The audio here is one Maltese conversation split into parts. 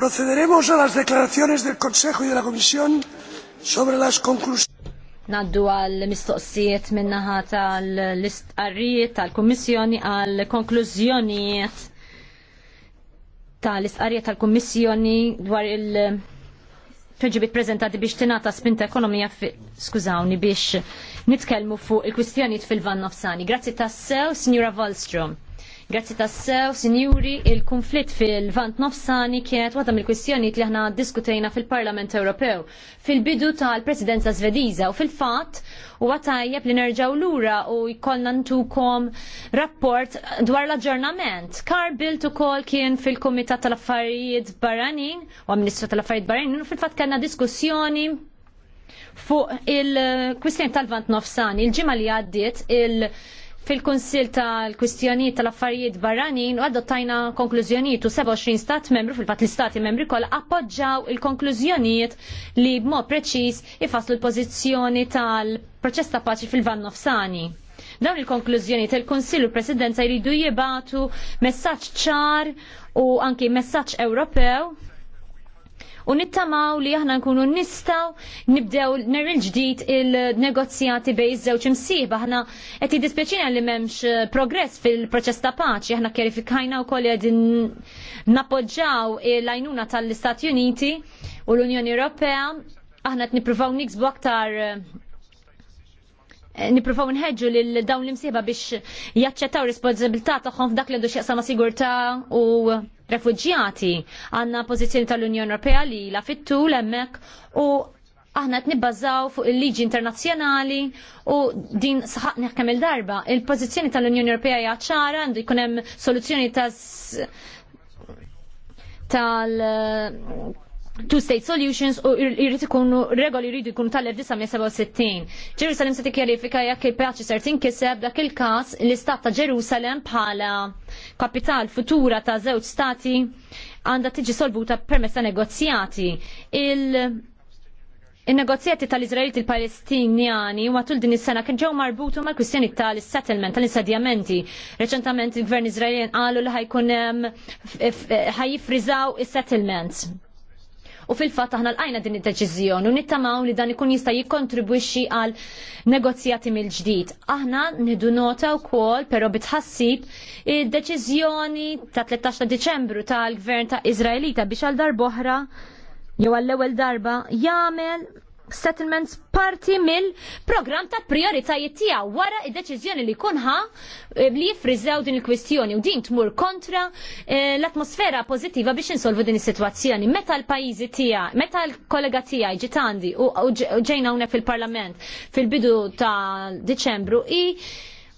Procederemos a las declaraciones del Consejo y de la Comisión sobre las conclusiones. Naddu għal mistoqsijiet minnaħa tal-istqarrijiet tal-Kommissjoni għal konklużjonijiet tal-istqarrijiet tal-Kommissjoni dwar il- Tuġibit prezentati biex tinata spinta ekonomija, skużawni, biex nitkelmu fuq il-kwistjoniet fil-van nofsani. Grazzi tassew, signora Wallström. Grazzi tassew, sinjuri, il-konflitt fil-vant nofsani kienet waħda mill-kwistjonijiet li aħna diskutejna fil-Parlament Ewropew fil-bidu tal-Presidenza Svediża u fil-fatt huwa tajjeb li nerġa'w lura u jkollna ntukom rapport dwar l-aġġornament. Kar Bilt ukoll kien fil-Kumitat tal-Affarijiet Barranin u Ministru tal-Affarijiet Barranin u fil-fatt kellna diskussjoni fuq il-kwistjoni tal-vant nofsani. il-ġimma li għaddiet il-, -il fil kunsill tal-Kwistjonijiet tal-Affarijiet Barranin u adottajna konklużjonijiet u 27 stat membru fil-fatt l-istati membri kol appoġġaw il-konklużjonijiet li b'mod preċiż ifasslu l-pożizzjoni tal-proċess ta' paċi fil-Van Nofsani. Dawn il-konklużjoni tal kunsill u presidenza jridu jibatu messaġġ ċar u anki messaġġ Ewropew u nittamaw li aħna nkunu nistaw nibdew ner il-ġdid il-negozjati bej iż-żewġ imsieħba aħna qed jiddispjaċina li m'hemmx eh, progress fil-proċess ta' paċi aħna kjerifikajna wkoll qegħdin nappoġġaw l-għajnuna tal-Istati Uniti u l-Unjoni Ewropea aħna qed nippruvaw niksbu aktar eh, niprofaw nħedġu lil dawn l-imsieba biex jaċċettaw responsabilità tagħhom f'dak li għandu xieqsa ma' sigurtà u refugjati Għanna pożizzjoni tal-Unjoni Ewropea li la fittu l hemmhekk u aħna qed nibbażaw fuq il-liġi internazzjonali u din saħaqni kemm il-darba. Il-pożizzjoni tal-Unjoni Ewropea hija ċara għandu jkun hemm soluzzjoni ta' tal two-state solutions u jrid ikunu regoli jridu jkunu tal-1967. Ġerusalem se tikkjarifika jekk il-paċi ser tinkiseb dak il-każ l-istat ta' Ġerusalem bħala kapital futura ta' żewġ stati għandha tiġi solvuta permezz ta' negozjati. Il- Il-negozjati tal-Izraeliti il-Palestinjani matul din is-sena kien ġew marbutu mal-kwistjoni tal-settlement, tal-insedjamenti. Reċentament il-Gvern Izraeli qalu li ħajkun ħajifriżaw is-settlement u fil-fatt aħna l-għajna din id-deċiżjoni u nittamaw li dan ikun jista' jikkontribwixxi għal negozjati mill-ġdid. Aħna nidu nota wkoll però bitħassib id-deċiżjoni ta' 13 ta' Diċembru tal-Gvern ta' Iżraelita biex għal darboħra jew għall-ewwel darba jagħmel settlements parti mill-programm ta' prioritajiet tiegħu wara id-deċiżjoni li kunħa eh, li jifriżew din il-kwistjoni u din tmur kontra eh, l-atmosfera pożittiva biex insolvu din is-sitwazzjoni. Meta l-pajjiżi tiegħek, meta l-kollega tiegħi ġitandi u ġejna hawnhekk fil-Parlament fil-bidu ta' Diċembru i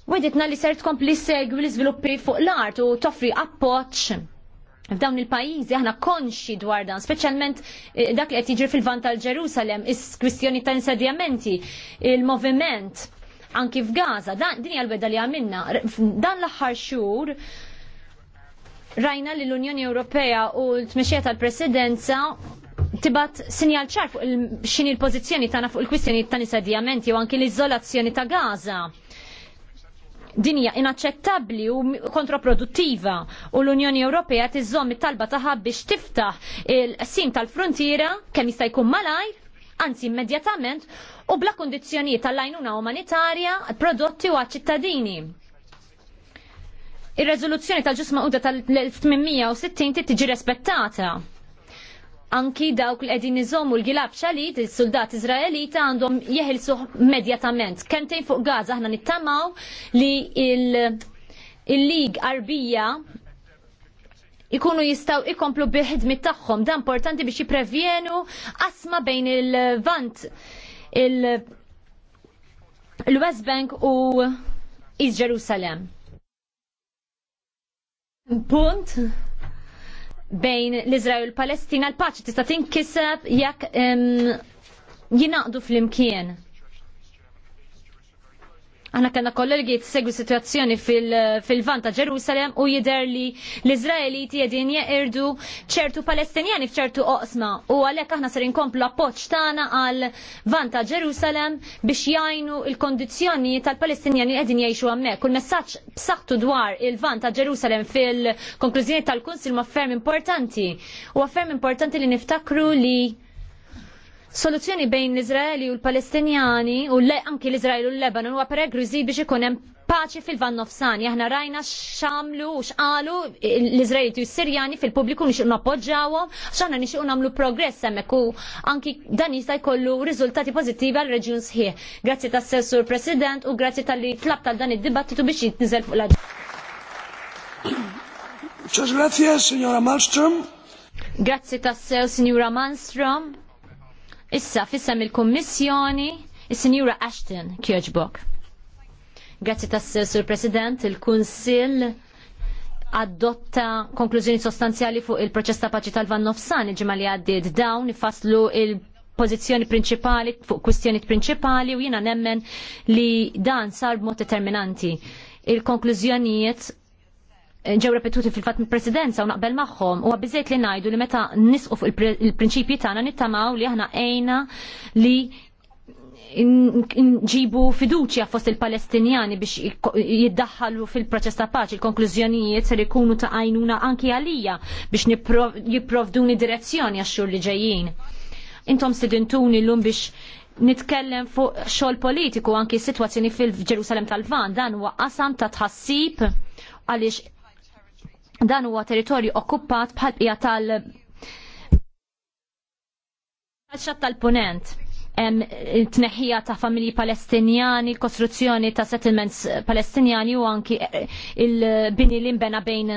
weditna li ser tkompli segwi l-iżviluppi fuq l-art u toffri appoġġ F'dawn il-pajjiżi aħna konxi dwar dan, speċjalment eh, dak li qed jiġri fil-vant ġerusalem is-kwistjoni ta' insedjamenti, il-moviment anki f'Gaza, dan din hija l-beda li għamilna. Dan l-aħħar xhur rajna li l-Unjoni Ewropea u l-tmexxija tal-Presidenza tibat sinjal ċar fuq x'inhi l-pożizzjoni tagħna fuq il-kwistjoni ta' nisadjamenti u anki l-iżolazzjoni ta' Gaza hija inaċċettabbli u kontraproduttiva u l-Unjoni Ewropea tiżżomm it-talba tagħha biex tiftaħ il-sim tal-frontiera kemm jista' jkun malajr, anzi immedjatament, u bla kondizzjonijiet tal-għajnuna umanitarja prodotti u għaċ-ċittadini. Ir-reżoluzzjoni tal-ġusma uda tal-1860 tiġi rispettata anki dawk li qegħdin iżommu l-gilab xalit, il-soldat Izraelita għandhom jeħilsu medjatament. Kemtejn fuq Gaza aħna nittamaw li il-lig arbija ikunu jistaw ikomplu biħidmit tagħhom. Dan importanti biex jiprevjenu asma bejn il-vant il-West Bank u East Jerusalem. Punt bejn l-Izrael u l-Palestina l-paċi tista' tinkiseb jekk jinaqdu fl-imkien. Aħna kellna kollegi tsegwi situazzjoni fil-vant ta' Ġerusalem u jidher li l-Iżraeliti qegħdin jeqirdu ċertu Palestinjani f'ċertu oqsma u għalhekk aħna ser inkomplu appoġġ tagħna għal vanta Ġerusalem biex jgħinu l-kondizzjoni tal-Palestinjani qegħdin jgħixu hemmhekk. U messaġġ b'saħħtu dwar il-vant ta' Ġerusalem fil-konklużjoni tal-Kunsil ma' ferm importanti u affermi importanti li niftakru li soluzzjoni bejn l-Izraeli u l-Palestinjani u anki l-Izraeli u l-Lebanon huwa peregrizi biex ikun hemm paċi fil-Van Nofsan. Aħna rajna x'għamlu u x'qalu l-Izraeli u s-Sirjani fil-pubbliku nixtiequ nappoġġawhom x'għandna nixtiequ nagħmlu progress hemmhekk u anki dan jista' jkollu riżultati pożittivi għal reġjun sħiħ. Grazzi tas-Sessur President u grazzi tal-li tlab tal dan id-dibattitu biex jitniżel fuq l aġġa Muchas gracias, signora Malmström. Grazzi tassew, signora Malmström. Issa fissem il-Kommissjoni, il-Sinjura Ashton Kjoġbok. Grazzi tas Sur President, il-Kunsil adotta konklużjoni sostanzjali fuq il-proċess ta' paċi tal-Van Nofsan il-ġimma li għaddiet dawn ifasslu il pożizzjoni prinċipali fuq kwistjoni prinċipali u jiena nemmen li dan sar b'mod determinanti. Il-konklużjonijiet ġew repetuti fil-fatt mill-presidenza u naqbel magħhom huwa biżejt li ngħidu li meta nisqu fuq il-prinċipji tagħna nittamaw li aħna għejna li nġibu fiduċja fost il-Palestinjani biex jiddaħħalu fil-proċess ta' paċi. Il-konklużjonijiet ser ikunu ta' għajnuna anki għalija biex jipprovduni direzzjoni għax-xhur li ġejjin. Intom sidintuni l-lum biex nitkellem fuq xogħol politiku anki s-sitwazzjoni fil-Ġerusalem tal-Van dan huwa qasam ta' tħassib għaliex Dan huwa territorju okkupat bħal qija tal Xat tal-punent tneħħija ta' familji palestinjani, kostruzzjoni ta' settlements palestinjani u anki il-bini l-imbena bejn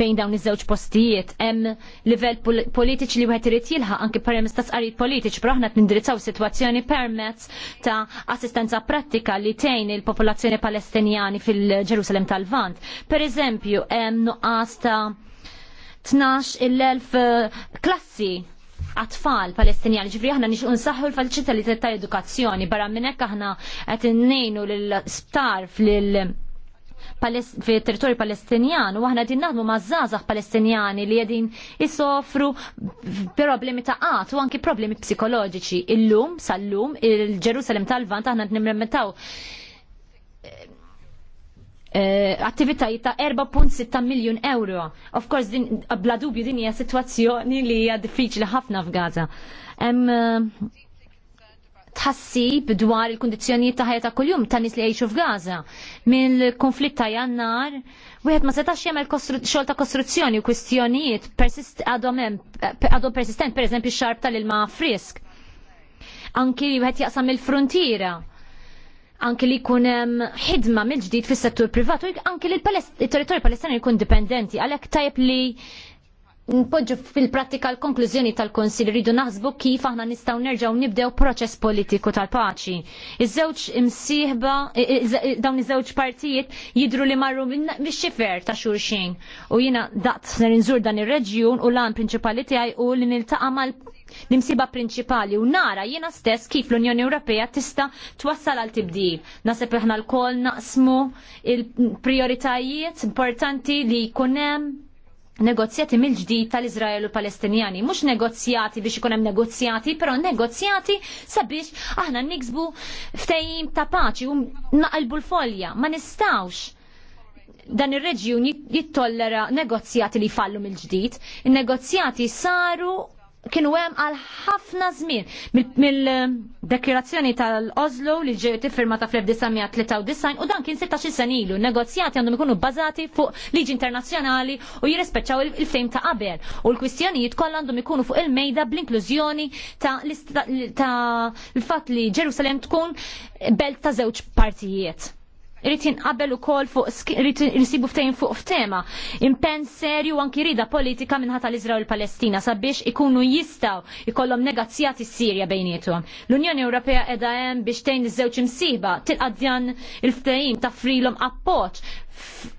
bejn dawn iż-żewġ postijiet hemm livell politiċi li wieħed irid jilħaq anke permezz ta' sqarijiet politiċi però aħna nindirizzaw sitwazzjoni permezz ta' assistenza prattika li tgħin il-popolazzjoni Palestinjani fil-Ġerusalem tal-Vant. Pereżempju hemm nuqqas ta' 12 il-1000 eh, klassi Atfal palestinjani ġifri aħna nix unsaħu l-falċita li ta' edukazzjoni barra minnek aħna għet n-nejnu l-sptar fil- fi territorju palestinjan u aħna din naħdmu ma' żgħażagħ palestinjani li qegħdin jisofru problemi ta' qatt u anki problemi psikoloġiċi. Il-lum, sal-lum il-Ġerusalem tal-Vant aħna nimremmetaw eh, eh, attivitajiet ta' 4.6 miljon euro. Of course, din, bla dubju din hija sitwazzjoni li hija diffiċli ħafna f'Gaza. Eh, tħassib dwar il-kondizjonijiet ta' ħajja ta' kuljum ta' nies li jgħixu f'Gaza. il konflitt ta' Jannar, wieħed ma setax jagħmel xogħol ta' kostruzzjoni u kwistjonijiet għadhom persistent, per eżempju xarb tal-ilma frisk. Anki wieħed jaqsam il-frontiera anki li jkun hemm ħidma mill-ġdid fis-settur privat u anki li il-territorju Palestinjan jkun dipendenti għalhekk tajb li npoġġu fil-prattika l-konklużjoni tal-Konsil rridu naħsbu kif aħna nistgħu nerġgħu nibdew proċess politiku tal-paċi. Iż-żewġ imsieħba dawn iż-żewġ partijiet jidru li marru mix-xifer ta' xulxin. U jiena daqt ser inżur dan ir-reġjun u lan prinċipali tiegħi u li niltaqa' mal l-imsiba prinċipali u nara jiena stess kif l-Unjoni Ewropea tista' twassal għal tibdil. Naseb aħna l-kol naqsmu il-prioritajiet importanti li jkun hemm negozjati mill-ġdid tal izraelu u Palestinjani, mhux negozjati biex ikun hemm negozjati, però negozjati sabiex aħna niksbu ftejim ta' paċi u naqalbu l-folja, ma nistawx dan ir-reġjun jittollera negozjati li fallu mill-ġdid. In-negozjati saru kienu hemm għal ħafna żmien mill-dekirazzjoni tal-Oslo li ġiet iffirmata fl-1993 u dan kien 16 sen ilu. Negozjati għandhom ikunu bbażati fuq liġi internazzjonali u jirrispeċċaw il-fejm ta' qabel. U l-kwistjonijiet kollha għandhom ikunu fuq il-mejda bl-inklużjoni ta' l-fatt li Ġerusalem tkun belt ta' żewġ partijiet. Irrit jinqabel ukoll fuq jinsibu ftejn fuq f'tema. Impen serju anki rida politika minnħata l-Izrael Palestina sabiex ikunu jistaw ikollom negazzjati s-Sirja bejnietom. L-Unjoni Ewropea edha hemm biex tejn iż-żewġ imsiba tilqadjan il-ftehim ta' frilhom appoġġ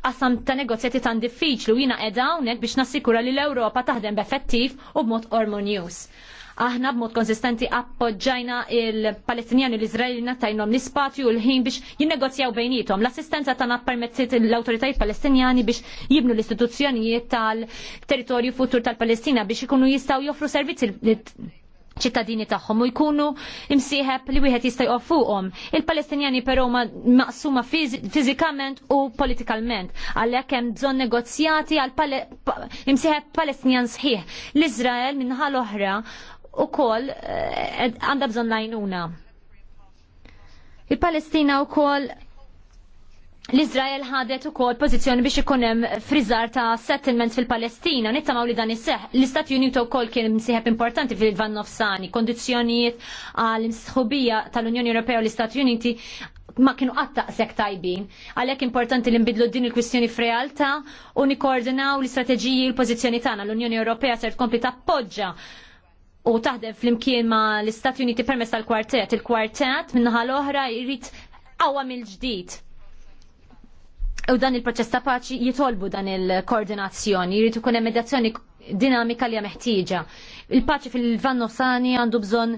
qasam ta' negozjati tan diffiċlu jina edha hawnhekk biex nassikura li l-Ewropa taħdem b'effettiv u b'mod ormonjus. Aħna b'mod konsistenti appoġġajna il-Palestinjani l-Izraelina tajnom l-ispatju l-ħin biex jinnegozjaw bejnietom. L-assistenza tagħna permettit l-awtoritajiet Palestinjani biex jibnu l-istituzzjonijiet tal-territorju futur tal-Palestina biex ikunu jistgħu joffru servizzi ċittadini tagħhom u jkunu imsieħeb li wieħed jista' jqof fuqhom. Il-Palestinjani però maqsuma fiżikament u politikalment għalhekk hemm bżonn negozjati għal imsieħeb Palestinjan sħiħ. L-Iżrael minħal oħra u kol eh, għanda bżon najnuna. Il-Palestina u kol l-Izrael ħadet u kol pozizjoni biex ikunem frizzar ta' settlement fil-Palestina, nittamaw li dan isseħ. L-Istati Unito u kol kien msiħeb importanti fil-Van Nofsani, kondizjoniet għal-imsħubija tal-Unjoni Ewropea u l-Istati Uniti ma kienu għatta sek tajbin. Għalek importanti li nbidlu din il-kwistjoni f'realta u nikordinaw l-istrateġiji l-pozizjoni tagħna l-Unjoni Ewropea ser tkompli tappoġġa u taħdem flimkien ma l-Istati Uniti permess tal-kwartet. Il-kwartet minnaħa l-oħra jrid qawwa mill-ġdid u dan il-proċess ta' paċi jitolbu dan il-koordinazzjoni, jrid ikun hemm medjazzjoni dinamika li meħtieġa. Il-paċi fil-Vanno Sani għandu bżonn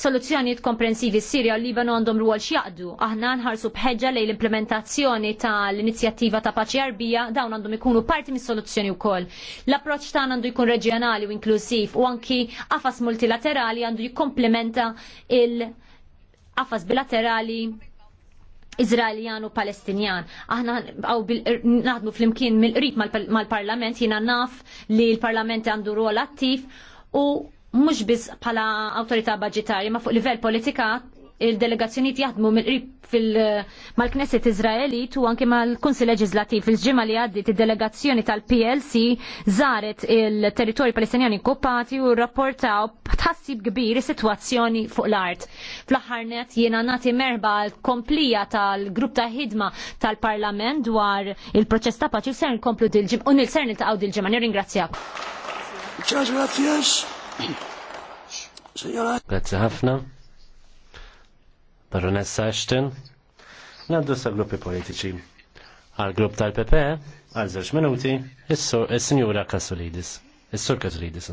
soluzzjonijiet komprensivi s-Sirja u Libanu għandhom rwol x'jaqdu. Aħna nħarsu bħeġġa lejn l-implementazzjoni tal-inizjattiva ta' paċi arbija dawn għandhom ikunu parti mis-soluzzjoni wkoll. L-approċċ ta' għandu jkun reġjonali u inklusiv u anki għafas multilaterali għandu jikkomplementa il għafas bilaterali Izraeljan u Palestinjan. Aħna għaw er, naħdmu fl-imkien mill-qrib mal-parlament, jina naf li l-parlament għandu rol attiv u mux biz pala autorita budgetarja ma fuq livell politika il-delegazzjoniet jaħdmu mill-qrib mal-Knesset Izraelit u anke mal-Kunsil Leġislativ. Il-ġimgħa li għaddit id-delegazzjoni tal-PLC żaret il-territorji Palestinjani okkupati u rrapportaw tħassib kbir is-sitwazzjoni fuq l-art. Fl-aħħar net jiena nagħti merba l-komplija tal-grupp ta' ħidma tal-Parlament dwar il-proċess ta' paċi ser nkomplu dil-ġim u nil-ser niltaqgħu dil-ġimgħa. Nirringrazzjak. Grazie ħafna. Baronessa Ashton. Naddu sa' gruppi politiċi. Għal grupp tal-PP, e, għal żewġ minuti, il sinjura Kasolidis. il sur Kasolidis,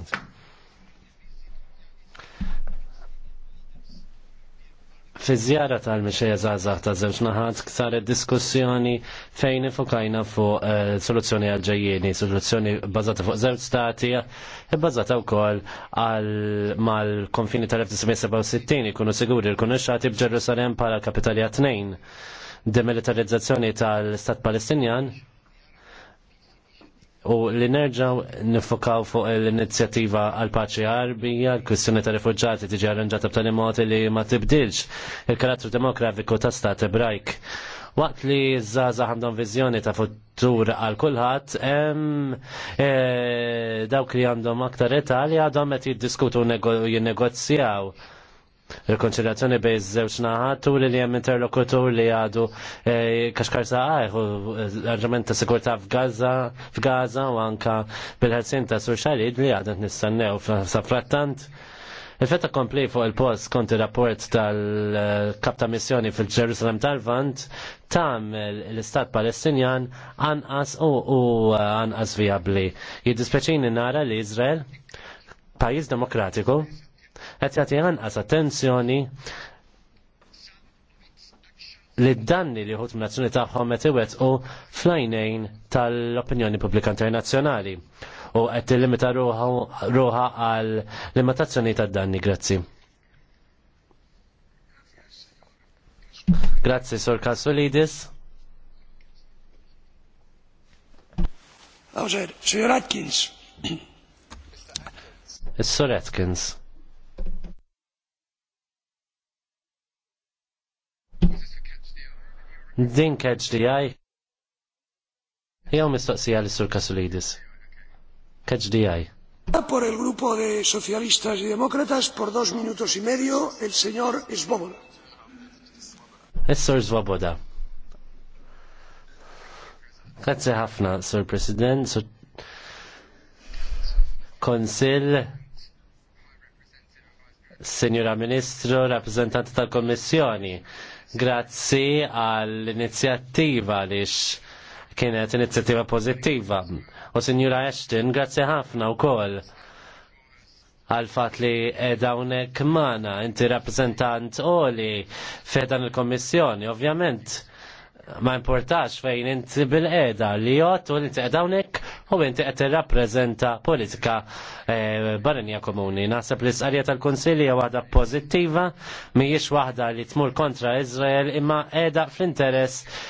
Fi żjara tal-mixejja żgħażagħ ta' żewġ naħat saret diskussjoni fejn ifokajna fuq eh, soluzzjoni għalġajjeni, soluzzjoni bbażata fuq żewġ stati, eh, bbażata wkoll għal mal-konfini tal-1967 ikunu siguri jkunu xati b'Ġerusalem bħala kapitalja tnejn. Demilitarizzazzjoni tal-Stat Palestinjan u li nerġaw nifokaw fuq l-inizjattiva għal paċi għarbija, l-kwistjoni ta' rifugġati tiġi arranġata b'tali modi li ma tibdilx il-karattru demokratiku ta' stat ebrajk. Waqt li zaza għandhom viżjoni ta' futur għal kulħadd, e, dawk li għandhom aktar età għadhom qed jiddiskutu u jinnegozjaw il bej żewġ naħat u li hemm interlokutur li għadu e, kaxkar saqajh u e, arġament ta' sigurtà f'Gaza f'Gaza u anka bil ħarsin ta' Sur li għadet nistennew sa' frattant. Il-fetta kompli fuq il-post konti rapport tal-kap ta' missjoni fil-Ġerusalem tal-Vant tam l-istat palestinjan anqas u anqas viabli. Jiddispeċini nara li Izrael, pajis demokratiku, qed jagħti anqas attenzjoni li danni li ħut nazzjoni tagħhom qed iwettqu flajnejn tal-opinjoni pubblika internazzjonali u qed tillimita ruħa għal limitazzjoni tad-danni. Grazzi. Grazzi, Sor Kasulidis. Awżer, Sir Atkins. Sir Atkins. Din keġ di għaj. Jew mistoqsija li sur Kasulidis. Keġ di għaj. Por il gruppo de socialistas y demócratas por dos minutos y medio el señor Svoboda. Is-sur Svoboda. Grazie ħafna, Sur President, Sur Konsil, signora ministro, rappresentante tal-Kommissjoni grazzi għall-inizjattiva għaliex kienet inizjattiva pozittiva. U Sinjura Ashton, grazzi ħafna wkoll għal fat li dawnek mana, inti rappresentant li fedan il-kommissjoni, ovvjament ma importax fejn inti bil-eda li jott u inti dawnek u inti qed tirrappreżenta politika eh, barranija komuni. Naħseb li s tal-Konsilja waħda pożittiva mhijiex waħda li tmur kontra Izrael imma qiegħda fl-interess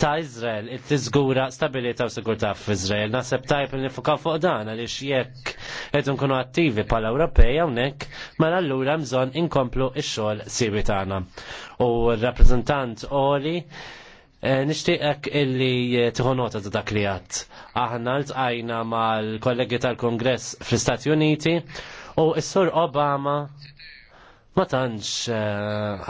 ta' Izrael, it-tizgura stabilita u sigurta f'Izrael. Naħseb tajb li nifuka fuq dan, għaliex jekk qed nkunu attivi bħala Ewropej hawnhekk, mela allura bżonn inkomplu ix xogħol sibi tagħna. U r-rappreżentant Oli Eh, Nishtiqek illi eh, tħonota nota ta' dak li għat. Aħna l-tqajna mal-kollegi tal-Kongress fl-Istati Uniti u s-sur Obama ma tantx eh,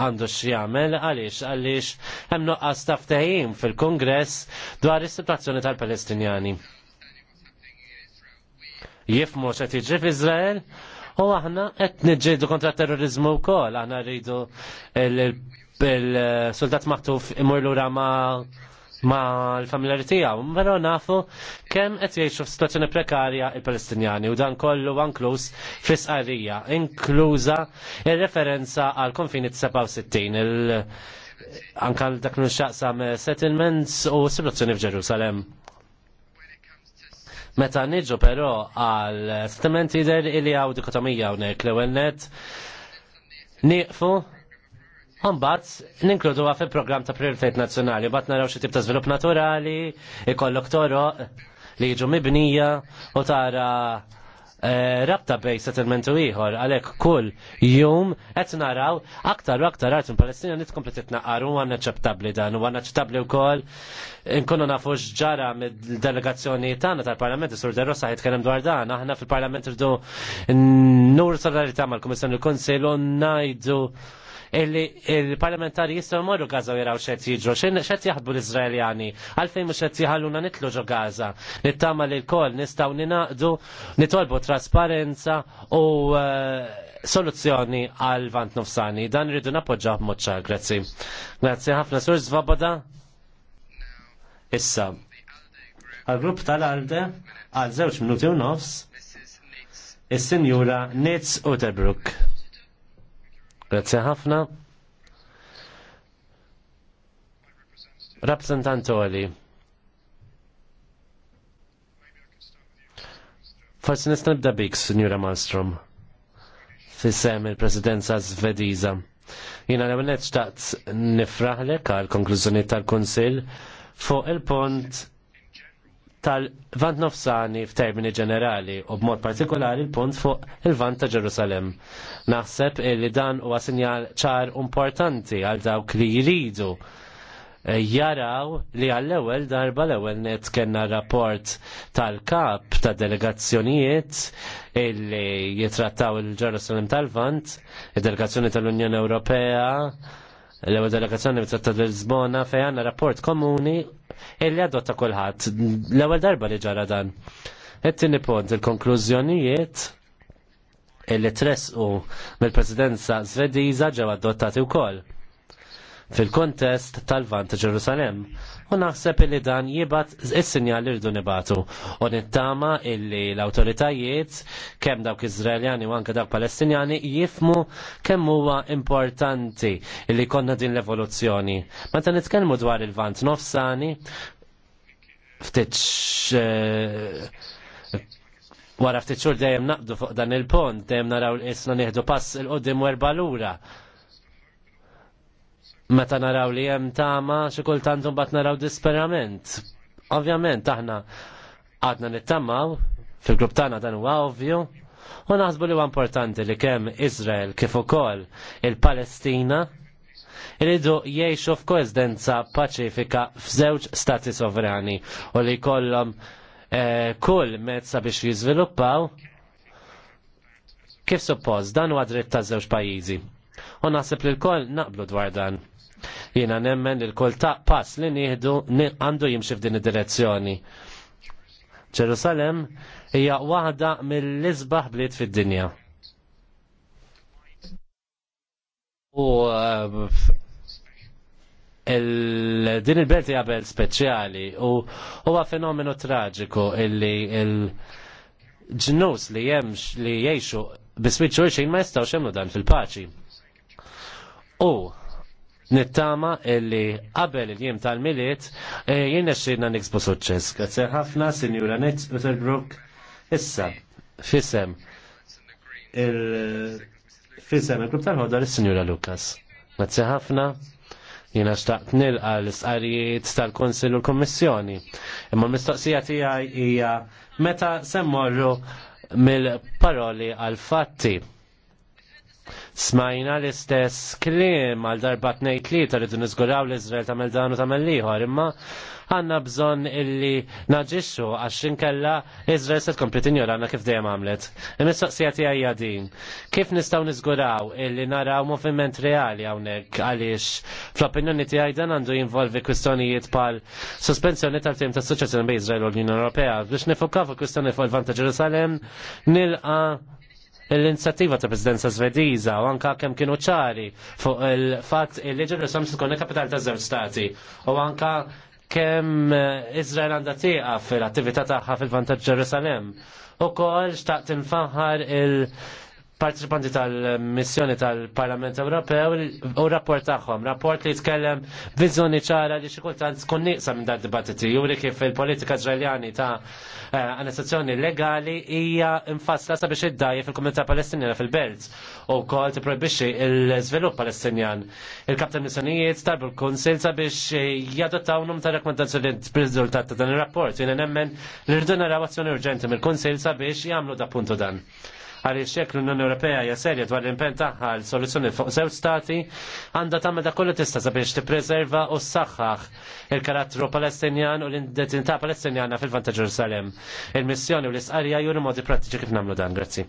għandu x-jamel għaliex għaliex hemm noqqas taftehim fil-Kongress dwar is-sitwazzjoni tal-Palestinjani. Jifmu x'qed jiġri f'Iżrael U aħna qed niġġieldu kontra terrorizmu wkoll, aħna rridu bil-soldat maħtuf imur lura ura ma' l-familjari tijaw, pero nafu kem qed jgħixu f'sitwazzjoni prekarja il-Palestinjani u dan kollu anklus fis-qarrija, inkluża il-referenza għal konfini 67 il- anka dak nxaqsam eh, settlements u situazzjoni f'Ġerusalem. Meta nidġu però għal settlement jider li għaw dikotomija unek l-ewel net, niqfu Umbat, ninkludu fil program ta' prioritet nazjonali, bat naraw xi tip ta' svilup naturali, ikollok toro li jiġu mibnija u tara eh, rabta bej settlementu ieħor għalhekk kull jum qed naraw aktar u aktar art palestina nitkompli tkompli titnaqar u għandna dan u għandna wkoll nkunu nafu x'ġara mid-delegazzjoni tagħna tal-Parlament is-Sur Derrosa jitkellem dwar dan aħna fil-Parlament irdu nur solidarità mal-Kummissjoni l-Kunsill u ngħidu il-parlamentari jistgħu jmorru Gaza u jaraw xed jiġru, xed jaħdbu l-Iżraeljani, għalfejn mhux qed jħalluna nitlu ġo Gaza. Nittama li l-koll nistgħu ninaqdu, nitolbu trasparenza u eh, soluzzjoni għal vant nofsani. Dan rridu napoġġaw b'moċċa, grazzi. Grazzi ħafna sur Zvabada. Issa. Għal-grupp tal-Alde, għal żewġ minuti u nofs, is-Sinjura Nitz Uterbrook. Grazie ħafna. Rappresentant Oli. Forsi nista' nibda bik, Signora Malmstrom, fissem il-Presidenza Svediża. Jina l-għamlet xtaqt nifraħlek għal konklużjoni tal-Konsil fuq il-pont tal-vant nofsani f'termini ġenerali u b'mod partikolari l-punt fuq il-vant ta' Ġerusalem. Naħseb li dan huwa sinjal ċar importanti għal dawk li jridu eh, jaraw li għall-ewel darba l-ewel net kena rapport tal-kap ta' delegazzjonijiet illi jitrattaw il-Ġerusalem tal-Vant, il-delegazzjoni tal-Unjoni Ewropea, l-ewel delegazzjoni trattat l-Lisbona fejn għanna rapport komuni illi ta' kulħadd l-ewwel darba li ġara dan. Ettini pont il-konklużjonijiet illi u mill-Presidenza Svediża ġew adottati wkoll fil-kontest tal-Vant Ġerusalem u naħseb li dan jibat il-sinjal li rridu nibatu. U nittama illi l-autoritajiet, kemm dawk Izraeljani u anke dawk Palestinjani, jifmu kemm huwa importanti illi konna din l-evoluzzjoni. Meta nitkellmu dwar il-vant nofsani, ftit eh, wara ftit xhur dejjem naqdu fuq dan il-pont, dejjem naraw isna nieħdu pass il-qudiem werba lura. Meta naraw li hemm tama xi kultant bat naraw disperament. Ovvjament aħna għadna nittamaw fil-grupp tagħna dan huwa ovvju. U naħsbu li huwa importanti li kemm Izrael kif ukoll il-Palestina iridu jgħixu f'koesidenza paċifika f'żewġ stati sovrani u li jkollhom eh, kull mezza biex jiżviluppaw kif suppost dan huwa dritt ta' żewġ pajjiżi. U naħseb li l-koll naqblu dwar dan. Jiena nemmen il kol ta' pass li nieħdu għandu jimxi f'din id-direzzjoni. Ġerusalem hija waħda mill-isbaħ bliet fid-dinja. U eh, din il-belt belt speċjali u huwa fenomenu traġiku illi il-ġnus li jemx li jiexu biswiċ xejn ma jistgħu xemlu dan fil-paċi. U nittama illi qabel il-jiem tal-miliet eh, jien xirna niksbu suċċess. Grazie ħafna, Sinjura Nitz Utterbrook, issa, fisem, il-fisem, il-klub tal l Sinjura Lukas. Grazie ħafna, jiena xtaqt nilqa l-isqarijiet tal-Konsil u l-Kommissjoni. Imma l-mistoqsija tiegħi hija meta semmorru mill-paroli għal-fatti Smajna l-istess klim għal darba li ta' rridu niżguraw l iżrael ta' Meldan u tagħmel ieħor, imma għanna bżonn illi naġixxu għax inkella Izrael se tkompli għanna kif dejjem għamlet. Il-mistoqsija tiegħi din. Kif nistgħu niżguraw illi naraw moviment reali hawnhekk għaliex fl-opinjoni tiegħi dan għandu jinvolvi kwistjonijiet pal sospensjoni tal-tim tas-soċjazzjoni bejn Izrael u l-Unjoni Ewropea biex nifukaw kwistjoni fuq il vanta Ġerusalem nilqa' l-inizjattiva ta' Presidenza Svediża u anka kemm kienu ċari fuq il-fatt li Ġerusalem se tkun kapital ta' żewġ stati u anka kemm eh, Izrael għandha tieqa fil-attività tagħha fil-vantaġġ Ġerusalem. U kol xtaqt infaħar il- partiċipanti tal-missjoni tal-Parlament Ewropew u rapport tagħhom, rapport li jitkellem viżjoni ċara li xi kultant tkun nieqsa minn dak dibattiti juri kif il-politika Ġraljani ta' eh, annessazzjoni legali hija infassla sabiex iddajja fil-Komunità Palestinjana fil-Belt u wkoll tipprojbixxi l-iżvilupp Palestinjan. Il-kap missjonijiet tarbu l-Kunsil sabiex num ta' rakkomandazzjonijiet b'riżultat ta' dan ir-rapport. Jiena nemmen li rridu naraw urġenti mill-Kunsil sabiex jagħmlu da' puntu dan għaliex hekk l-Unjoni Ewropea hija serja dwar l-impenn tagħha l soluzzjoni fuq żewġ stati għandha tagħmel dak kollu tista' sabiex tippreserva u ssaħħaħ il-karattru Palestinjan u l-identità Palestinjana fil-Vanta Ġerusalem. Il-missjoni u l-isqarja juru modi prattiċi kif nagħmlu dan, grazzi.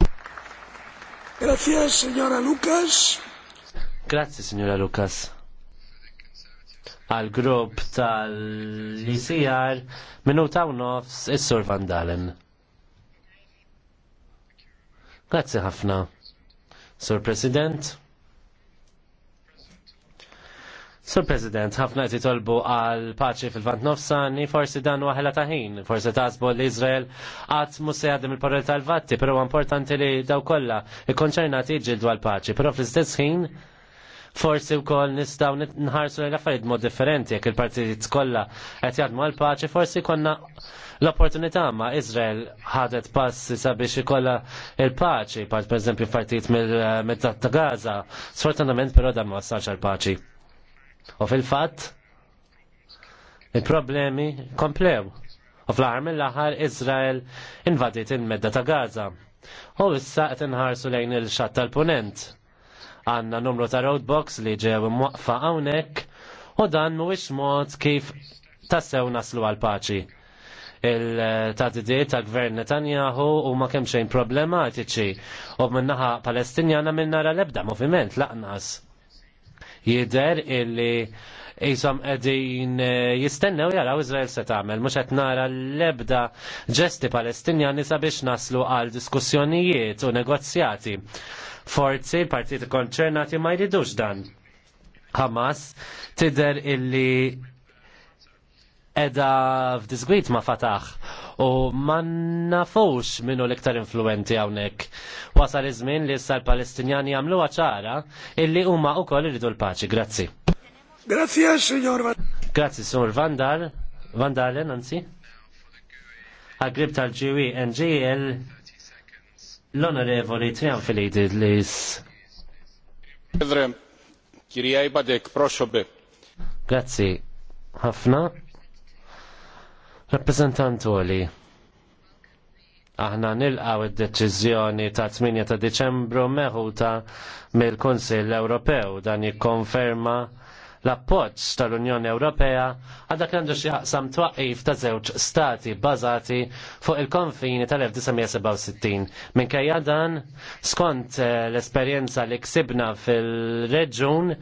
Grazie, signora Lucas. Grazie, signora Lucas. Għal grupp tal-ICR minuta u nofs is-Sur Vandalen. Grazzi ħafna. Sur President. Sur President, ħafna qed jitolbu għal paċi fil-vant nofsani, forsi dan waħla taħin, forsi taħsbu li Izrael għat se għadim il-parol tal-vatti, però importanti li daw kollha L-konċernati jġildu għal paċi, però fl-istess ħin forsi wkoll nistgħu nħarsu l-affarijiet mod differenti jekk il-partijiet kollha qed jadmu għal paċi forsi konna l-opportunità ma Izrael ħadet passi sabiex ikolla il-paċi, part pereżempju partijiet mill-Meddat ta' Gaza, sfortunatament però dan ma wassalx l paċi. U fil-fatt il-problemi komplew. U fl-aħħar mill-aħħar Izrael invadiet il-Medda ta' Gaza. U issa qed inħarsu lejn il-xatt tal-punent Għanna numru ta' roadbox li ġew imwaqfa hawnhekk u dan mhuwiex mod kif tassew naslu għal paċi. Il-tatidiet ta' gvern Netanyahu u ma kemm xejn problematiċi u minnaħa Palestinjana minn nara l-ebda moviment laqnas jider illi jisom għedin eh, jistennew jaraw Izrael se tagħmel, mhux qed nara l-ebda ġesti Palestinjani sabiex naslu għal diskussjonijiet u negozjati. Forzi l-partiti konċernati ma jridux dan. Hamas tider illi edha f'disgwit ma fataħ u ma nafux minnu l-iktar influenti hawnhekk. Wasal iż-żmien li sal l-Palestinjani jagħmluha ċara illi huma wkoll iridu l-paċi. Grazzi. Grazzi, signor Van. Grazzi, signor Vandal. Vandalen, anzi. Għagrib tal-ġiwi NGL l-onorevoli Trianfilidis Lis. Kirjaj badek, proxobe. Grazzi, ħafna. Rappresentant Oli, aħna nilqaw id-deċiżjoni ta' 8 ta' Deċembru meħuta mill-Kunsill Ewropew dan jikkonferma l-appoġġ tal-Unjoni Ewropea għadha għandu jaqsam twaqqif ta' żewġ stati bażati fuq il-konfini tal-1967. Minkejja dan, skont eh, l-esperjenza li ksibna fil-reġun,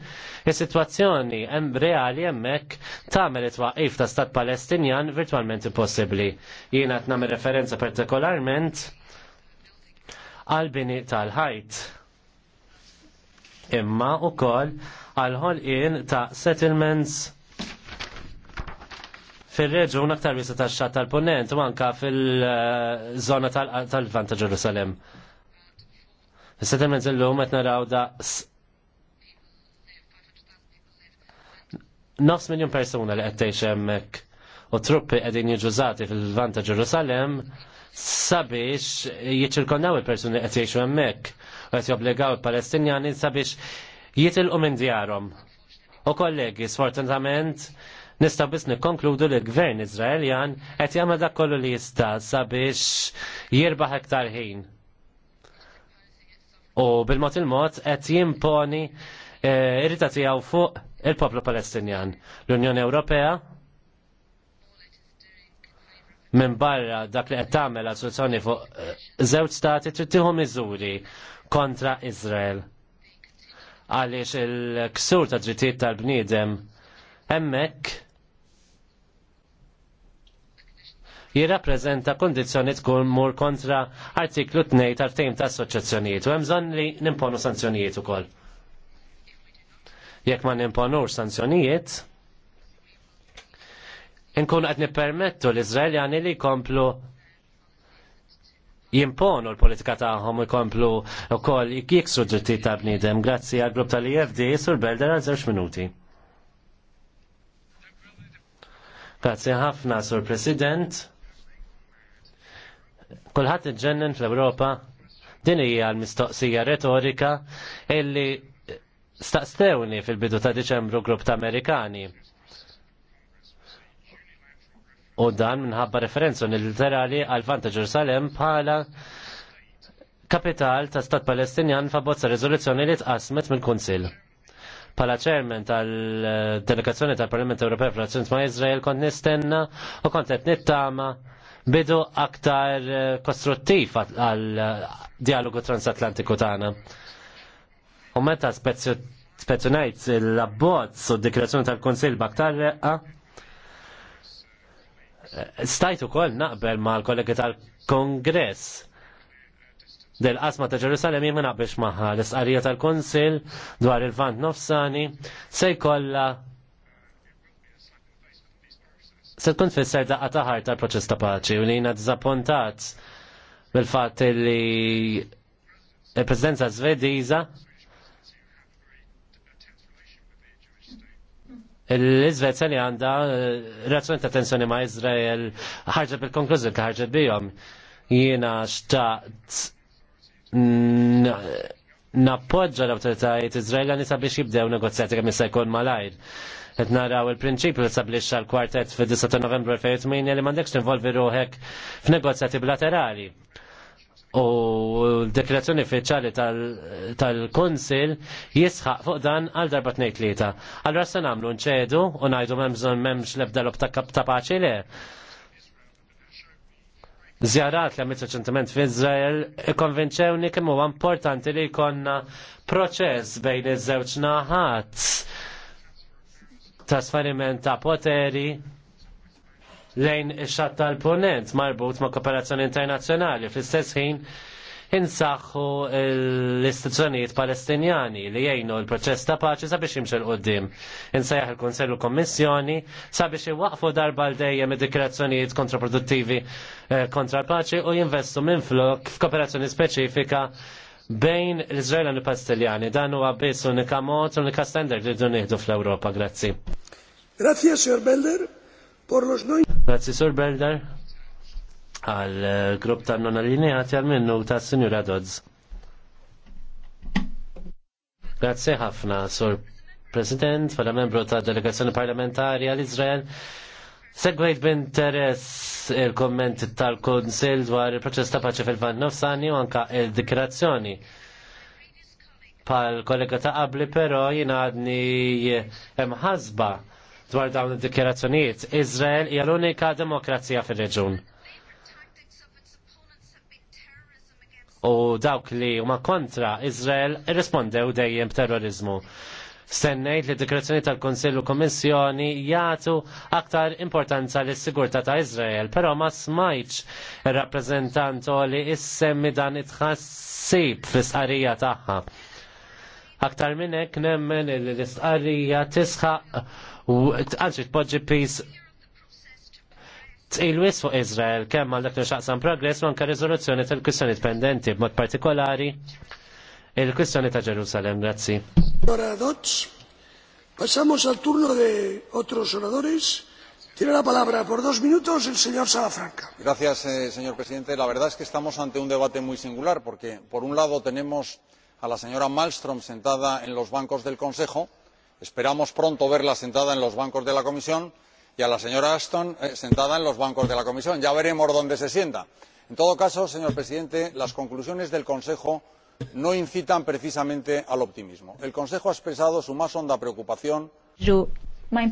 is-sitwazzjoni hemm reali hemmhekk tagħmel it-twaqqif ta' stat Palestinjan virtwalment impossibbli. Jiena qed nagħmel referenza partikolarment għal bini tal-ħajt imma wkoll għal ħolqien ta' settlements fil-reġun aktar bisa xat tal-ponent u anka fil-zona tal-Vanta Ġerusalem. is l illum qed raw da' nofs miljon persuna li qed xemmek hemmhekk u truppi qegħdin jġużati fil-Vanta Ġerusalem sabiex jiċċirkondaw il-persuni qed jgħixu hemmhekk għas jobligaw il-Palestinjani sabiex jitilqu minn djarhom. U kollegi, sfortunatament, nistaw biss nikkonkludu li l-gvern Izraeljan qed jagħmel dak kollu li jista' sabiex jirbaħ iktar ħin. U bil-mod il-mod qed jimponi eh, irrita tiegħu fuq il-poplu Palestinjan. L-Unjoni Ewropea minn barra dak li qed tagħmel assozzjoni fuq eh, żewġ stati trid tieħu miżuri kontra Izrael. Għaliex il-ksur ta' drittijiet tal-bniedem hemmhekk jirrappreżenta kondizjoni tkun mur kontra artiklu 2 tal-tejm ta' assoċjazzjonijiet u hemm bżonn li nimponu sanzjonijiet ukoll. Jekk ma nimponur sanzjonijiet, nkun qed nippermettu l-Iżraeljani li jkomplu jimponu l-politika tagħhom ikomplu wkoll jiksu dritti ta' bniedem. Grazzi għall grupp tal-IFD sur Belder għal żewġ minuti. Grazzi ħafna sur President. Kulħadd iġġennen fl-Ewropa din hija l-mistoqsija retorika illi staqstewni fil-bidu ta' Diċembru grupp ta' Amerikani u dan minħabba referenza literali għal Fanta Ġerusalem bħala kapital ta' stat palestinjan fa' bozza rezoluzzjoni li tqasmet mill-Kunsill. Pala ċermen tal-delegazzjoni tal-Parlament Ewropew fl-Azzjoni ma' Izrael kont nistenna u kont qed nittama bidu aktar eh, kostruttiv għal dialogu transatlantiku tagħna. U meta spezzjonajt l-abbozz u d-dikrazzjoni tal-Kunsill b'aktar reqqa' Stajtu kol naqbel ma l-kollegi tal-Kongress del-qasma ta' Ġerusalem jien ma naqbilx maħħa l isqarija tal-Konsil dwar il-vant nofsani se jkollha se tkun tfisser daqqa taħar tal-proċess ta' paċi u li jiena diżappuntat mill-fatt li il-Presidenza Svediża l-Izvezja li għanda eh, reazzjoni ta' tensjoni ma' Izrael ħarġa bil-konklużjoni ta' ħarġa bijom. Jiena xtaqt nappoġġa l-autoritajiet Izraelani sabiex jibdew negozjati kemm jista' jkun malajr. Qed naraw il-prinċipju li sabliċ għal kwartet fid-9 ta' Novembru 2008 li m'għandekx involvi ruħek f'negozjati bilaterali u l-deklarazzjoni uffiċjali tal-Konsil jisħaq fuq dan għal darba tnejn tlieta. Allura se nagħmlu nċedu u ngħidu m'hemm bżonn m'hemmx l-ebda lob ta' paċi le. Zjarat li għamilt reċentement fi Izrael konvinċewni kemm huwa importanti li jkollna proċess bejn iż-żewġ naħat sfariment ta' poteri lejn ix-xatt tal-ponent marbut ma' kooperazzjoni internazzjonali fl-istess ħin insaħħu l-istituzzjonijiet palestinjani li jgħinu l-proċess ta' paċi sabiex jimxu l-qoddim. Insajħ il-Konsellu Kommissjoni sabiex iwaqfu darba l-dejjem id-dikrazzjonijiet kontraproduttivi eh, kontra l-paċi u jinvestu minn flok f'kooperazzjoni speċifika bejn l-Izraelan u l Pastiljani. Dan huwa biss unika mod, unika standard li dun nieħdu fl-Ewropa. Grazzi. Grazie, Sir Belder. Grazzi Sur Berder għal eh, grupp ta' non allineati għal minnu ta' Signora Dodds. Grazzi ħafna Sur President, fada membru ta' delegazzjoni parlamentari għal Izrael. Segwejt b'interess il-komment tal-Konsil dwar il-proċess ta' paċe fil-Van Nofsani u anka il-dikrazzjoni pal kollega ta' qabli, pero jina għadni imħazba eh, dwar dawn id-dikjerazzjonijiet. Izrael hija l-unika demokrazija fir-reġun. U dawk li huma kontra Izrael irrispondew dejjem terrorizmu. Stennejt li dikrazzjoni tal-Konsill u Kommissjoni jagħtu aktar importanza lis sigurtà ta' Izrael, però ma smajtx ir-rappreżentant li issemmi dan it-ħassib fl-isqarija tagħha. Aktar minn hekk nemmen li l-istqarrija tisħaq U t-podġi pis tqilwis fuq Izrael kemm għal dak li xaqsam progress manka rizoluzzjoni tal-kwistjoni pendenti b'mod partikolari il-kwistjoni ta' Ġerusalem. Grazzi. Ora, passamos al turno de otros oradores. Tiene la palabra por dos minutos el señor Salafranca. Gracias, eh, señor presidente. La verdad es que estamos ante un debate muy singular porque, por un lado, tenemos a la señora Malmström sentada en los bancos del Consejo esperamos pronto verla sentada en los bancos de la comisión y a la señora ashton eh, sentada en los bancos de la comisión ya veremos dónde se sienta. en todo caso señor presidente las conclusiones del consejo no incitan precisamente al optimismo. el consejo ha expresado su más honda preocupación ma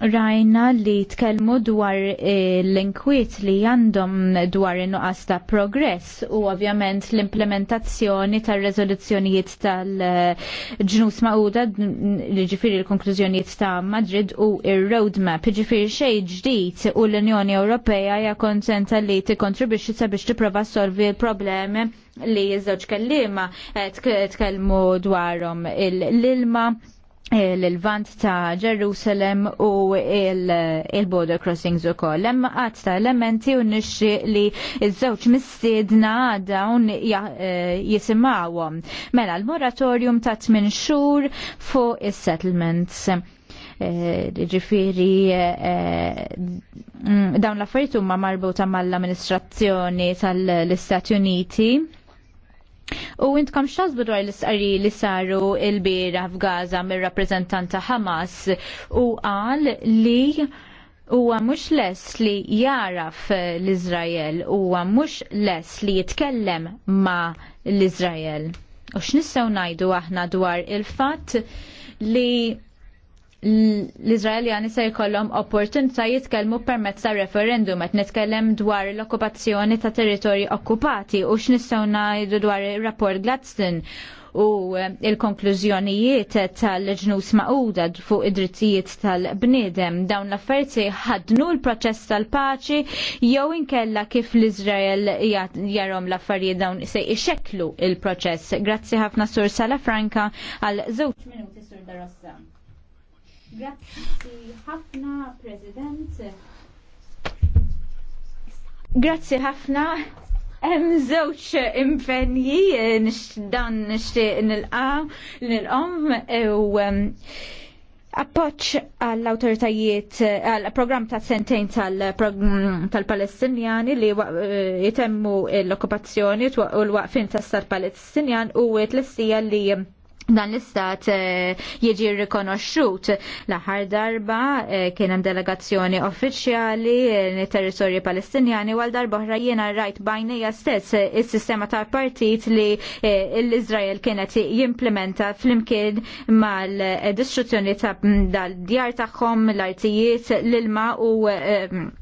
rajna li tkellmu dwar eh, l-inkwiet li għandhom dwar in-nuqqas ta' progress u ovvjament l-implementazzjoni tar rezoluzzjonijiet tal-ġnus ma'uda ġifiri l-konklużjonijiet ta' Madrid u r roadmap ġifiri xej ġdid u l-Unjoni Ewropea hija kontenta li tikkontribwixxi sabiex tipprova solvi l-problemi li ż-żewġ kelliema eh, tkellmu dwarhom l-ilma l-vant ta' Jerusalem u il-border crossings u koll. Lemma għad ta' elementi u nixi li iż-żewġ mistidna dawn e, jisimawom. Mela l-moratorium ta' 8 xhur fuq is-settlements. E, ġifiri, e, dawn l-affarijiet huma marbuta mal-amministrazzjoni tal-Istati Uniti U kam xazbu dwar l-isqari li saru il-bira f'Gaza mir-rappreżentanta Hamas u qal li huwa mhux less li jaraf l-Iżrael huwa mhux less li jitkellem ma' l-Iżrael. U x'nistgħu ngħidu aħna dwar il-fatt li l-Izraeljani se jkollhom opportunità jitkellmu permezz ta' referendum qed nitkellem dwar l-okkupazzjoni ta' territorji okkupati u x'nistgħu ngħidu dwar ir-rapport Gladstone u eh, il-konklużjonijiet tal-ġnus maquda fuq id-drittijiet tal-bniedem. Dawn l-affarijiet ħadnu l-proċess tal-paċi jew inkella kif l-Izrael jarom l-affarijiet dawn se ixeklu il-proċess. Grazzi ħafna Sur Sala Franka għal żewġ minuti Sur Darossa. Grazzi ħafna, President. Grazzi ħafna. Hemm żewġ impenji eh, dan nixtieq nilqa' nilqom eh, u ehm, appoċ għall-autoritajiet eh, għall-programm ta' sentejn mm, tal-Palestinjani li jitemmu l-okkupazzjoni u l-waqfin tas-sar Palestinjan u t-lessija li ehm, dan l-istat eh, jieġi rikonoxxut l-aħħar darba eh, kien hemm delegazzjoni uffiċjali eh, territorji Palestinjani għal darba oħra jiena rajt bajnija stess is-sistema ta' partit li l-Iżrael kienet jimplementa flimkien mal-distruzzjoni ta' dal-djar tagħhom l-artijiet l-ilma u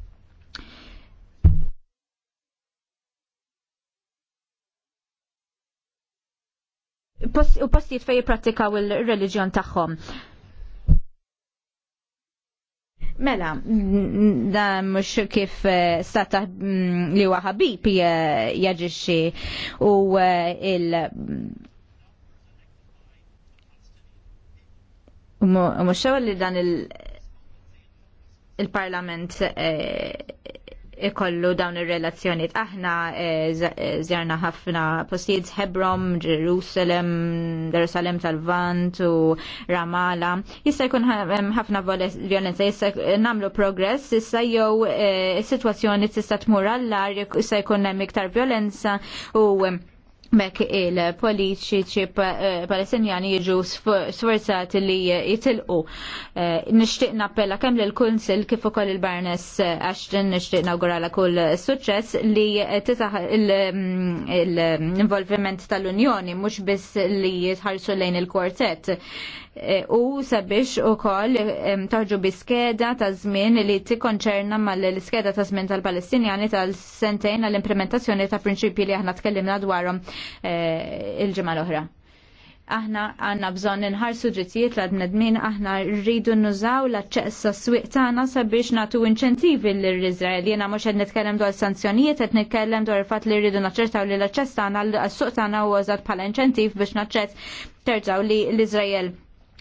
u postijiet fej jipprattikaw il-reliġjon tagħhom. Mela, da mux kif eh, stata mm, li huwa ħabib eh, jaġixxi u eh, il mux li dan il-parlament il il parlament ikollu dawn ir-relazzjonijiet. Aħna żjarna eh, eh, ħafna postijiet Hebron, Ġerusalem, Jerusalem tal-Vant u Ramala. Jista' jkun ħafna violenza, jista' nagħmlu progress, issa jew eh, is-sitwazzjoni tista' tmur għall-ar, jista' jkun hemm iktar violenza u mek il-politiċi eh, palestinjani jiġu sforzati li jitilqu. Eh, nishtiq nappella kemm l kunsil kif ukoll il-Barnes Ashton nishtiq nawgurala kull suċċess li titaħ mm, l-involviment tal-Unjoni mhux biss li jitħarsu lejn il-kwartett. E, u sabiex u koll toħġu skeda ta' zmin li tikkonċerna mal-skeda ta' zmin tal-Palestinjani tal-sentejn għall-implementazzjoni ta' prinċipji li aħna tkellimna dwarhom e, il-ġimgħa l-oħra. Aħna għanna bżon nħarsu drittijiet l bnedmin aħna rridu nużaw l-aċċess sa' swieq tagħna sabiex nagħtu inċentivi l iżrael Jiena mhux qed nitkellem dwar sanzjonijiet qed nitkellem dwar fat fatt li rridu naċċertaw li l-aċċess l għall-suq tagħna għazat bħala inċentiv biex naċċess terġaw li l-Iżrael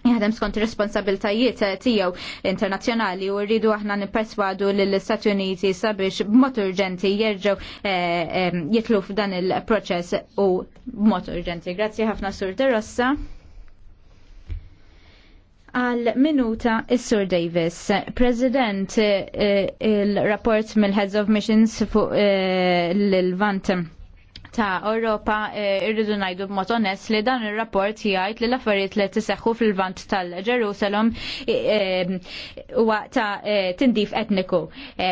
jaħdem skont responsabiltajiet tiegħu internazzjonali u rridu aħna nipperswadu lill-Istati Uniti sabiex b'mod urġenti jerġgħu eh, jitlu f'dan il-proċess u b'mod urġenti. Grazzi ħafna Sur De Rossa. Għal minuta is-Sur Davis, President eh, il-rapport mill-Heads of Missions fuq eh, l-Vant ta' Europa eh, irridu najdu b'mod onest li dan ir-rapport jgħid li l-affarijiet li tiseħħu fil-vant tal-Ġerusalem eh, eh, huwa ta' tindif etniku.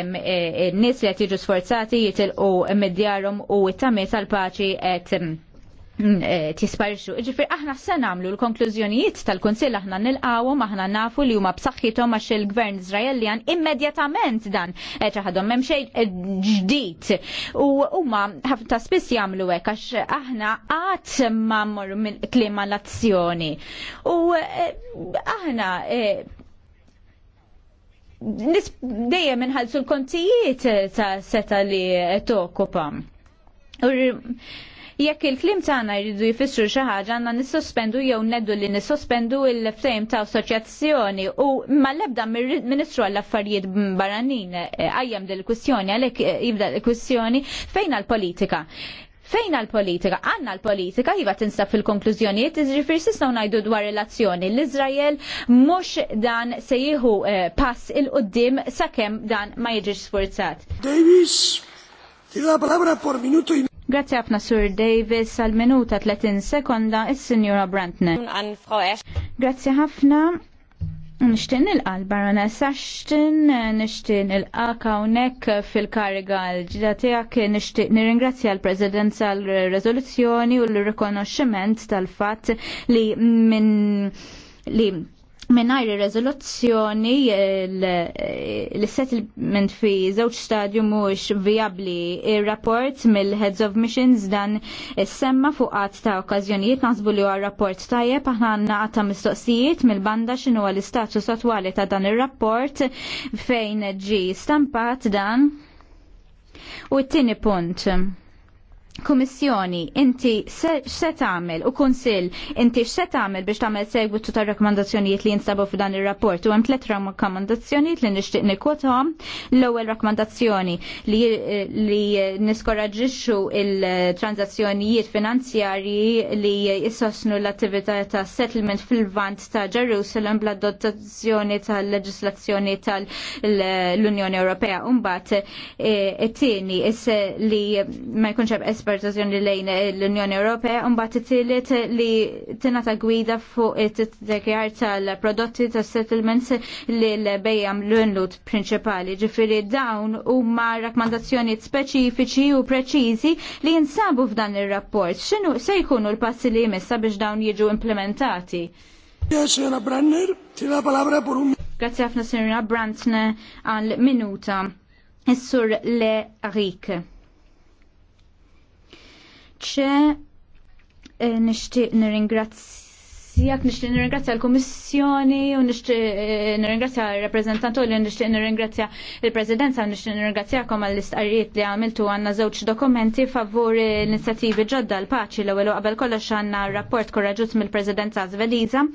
N-nies li qed jiġu sforzati jitilqu mid-djarhom u t-tamiet tal-paċi qed Eh, tisparxu. Ġifir, aħna s namlu l-konklużjonijiet tal-Konsil aħna nilqawu aħna nafu li huma b'saħħithom għax il-Gvern Izraeljan immedjatament dan ċaħadhom hemm xejn eh, ġdid. U huma ħafna spiss jagħmlu hekk għax aħna qatt ma mmorru minn kliem l-azzjoni. U eh, aħna dejjem inħallsu l-kontijiet ta' seta li tokkupam. Jekk il-klim tagħna jridu jfissru xi ħaġa għandna nissospendu jew neddu li nissospendu il-ftehim ta' assoċjazzjoni u mal-ebda ministru għall-affarijiet barranin eh, għajjem dil-kwistjoni għalhekk eh, jibda l-kwistjoni fejn għall politika Fejn għal-politika? Għanna l-politika jiva tinsab fil-konklużjonijiet, iżrifir sisnaw najdu dwar relazzjoni. L-Izrael mux dan se jihu eh, pass il-qoddim sakem dan ma jġiġ sforzat. Davis, ti la palabra por minuto i Grazzi ħafna Sur Davis għal minuta 30 sekonda is signora Brantne. Grazzi ħafna. Nishtin il-qal baroness Ashton, nishtin il-qaka unek fil-kariga l-ġida tijak, nishtin nirringrazzja l-prezidenza l-rezoluzzjoni u l-rikonoxximent tal-fat li minn li minnajri rezoluzzjoni l-settlement fi żewġ stadju mhux viabli il rapport mill-Heads of Missions dan semma fuqat ta' okkażjonijiet naħsbu li għal rapport tajjeb aħna għanna għatta mistoqsijiet mill-banda xinu għal istatus attwali ta' dan ir-rapport fejn ġi stampat dan. U t-tieni punt Kummissjoni, inti se tagħmel u kunsill, inti x'se tagħmel biex tagħmel segwitu tar rakkomandazzjonijiet li jinsabu f'dan ir-rapport u hemm tliet rakkomandazzjonijiet li nixtieq nikkwotahom. L-ewwel rakkomandazzjoni li, li niskoraġġixxu il-tranzazzjonijiet finanzjarji li jissosnu l-attività ta' settlement fil-vant ta' Jerusalem bl-adottazzjoni tal-leġislazzjoni tal-Unjoni Ewropea. Mbagħad it-tieni e, e, li ma jkunx hemm esportazzjoni lejn l-Unjoni Ewropea u mbagħad titielet li ta' gwida fuq it tekjar tal-prodotti tas-settlements li l-bejjam l-unlut prinċipali. Ġifieri dawn huma rakkomandazzjonijiet speċifiċi u preċiżi li jinsabu f'dan ir-rapport. X'inhu se jkunu l-passi li jmissa biex dawn jiġu implementati? Grazie a Signora Brantner għal minuta. Essur sur Le Rik ċe eh, nishtiq nirringrazzja nirringrazzjak, nixtieq nirringrazzja l-Kummissjoni u nixtieq eh, nirringrazzja l-rappreżentantu li nixtieq nirringrazzja l-Presidenza u nixtieq nirringrazzjakom għall-istqarrijiet li għamiltu għandna żewġ dokumenti favur l-inizjativi ġodda l-paċi l-ewwel qabel kollox għandna rapport korraġut mill-Presidenza Zveliza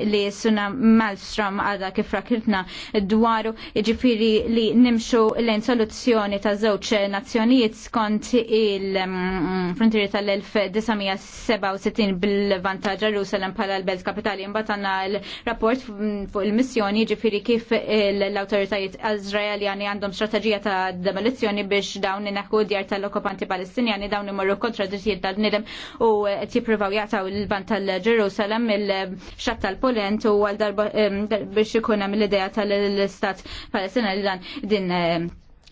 li suna Malstrom għadha kif rakiltna dwaru jiġifieri li nimxu lejn soluzzjoni ta' żewġ nazzjonijiet skont il-frontieri mm, tal-1967 bil vantaġġa Jerusalem pala l belt kapitali imbagħad għandna l-rapport fuq il-missjoni ġifieri kif l-awtoritajiet Izraeljani għandhom strateġija ta' demolizzjoni biex dawn inaħku djar tal-okkupanti Palestinjani dawn imorru kontra drittijiet tal nidem u qed jippruvaw jagħtaw il-band tal-Ġerusalem il-xatt tal-Polent u għal darba biex ikun hemm l-idea tal-Istat Palestina li dan din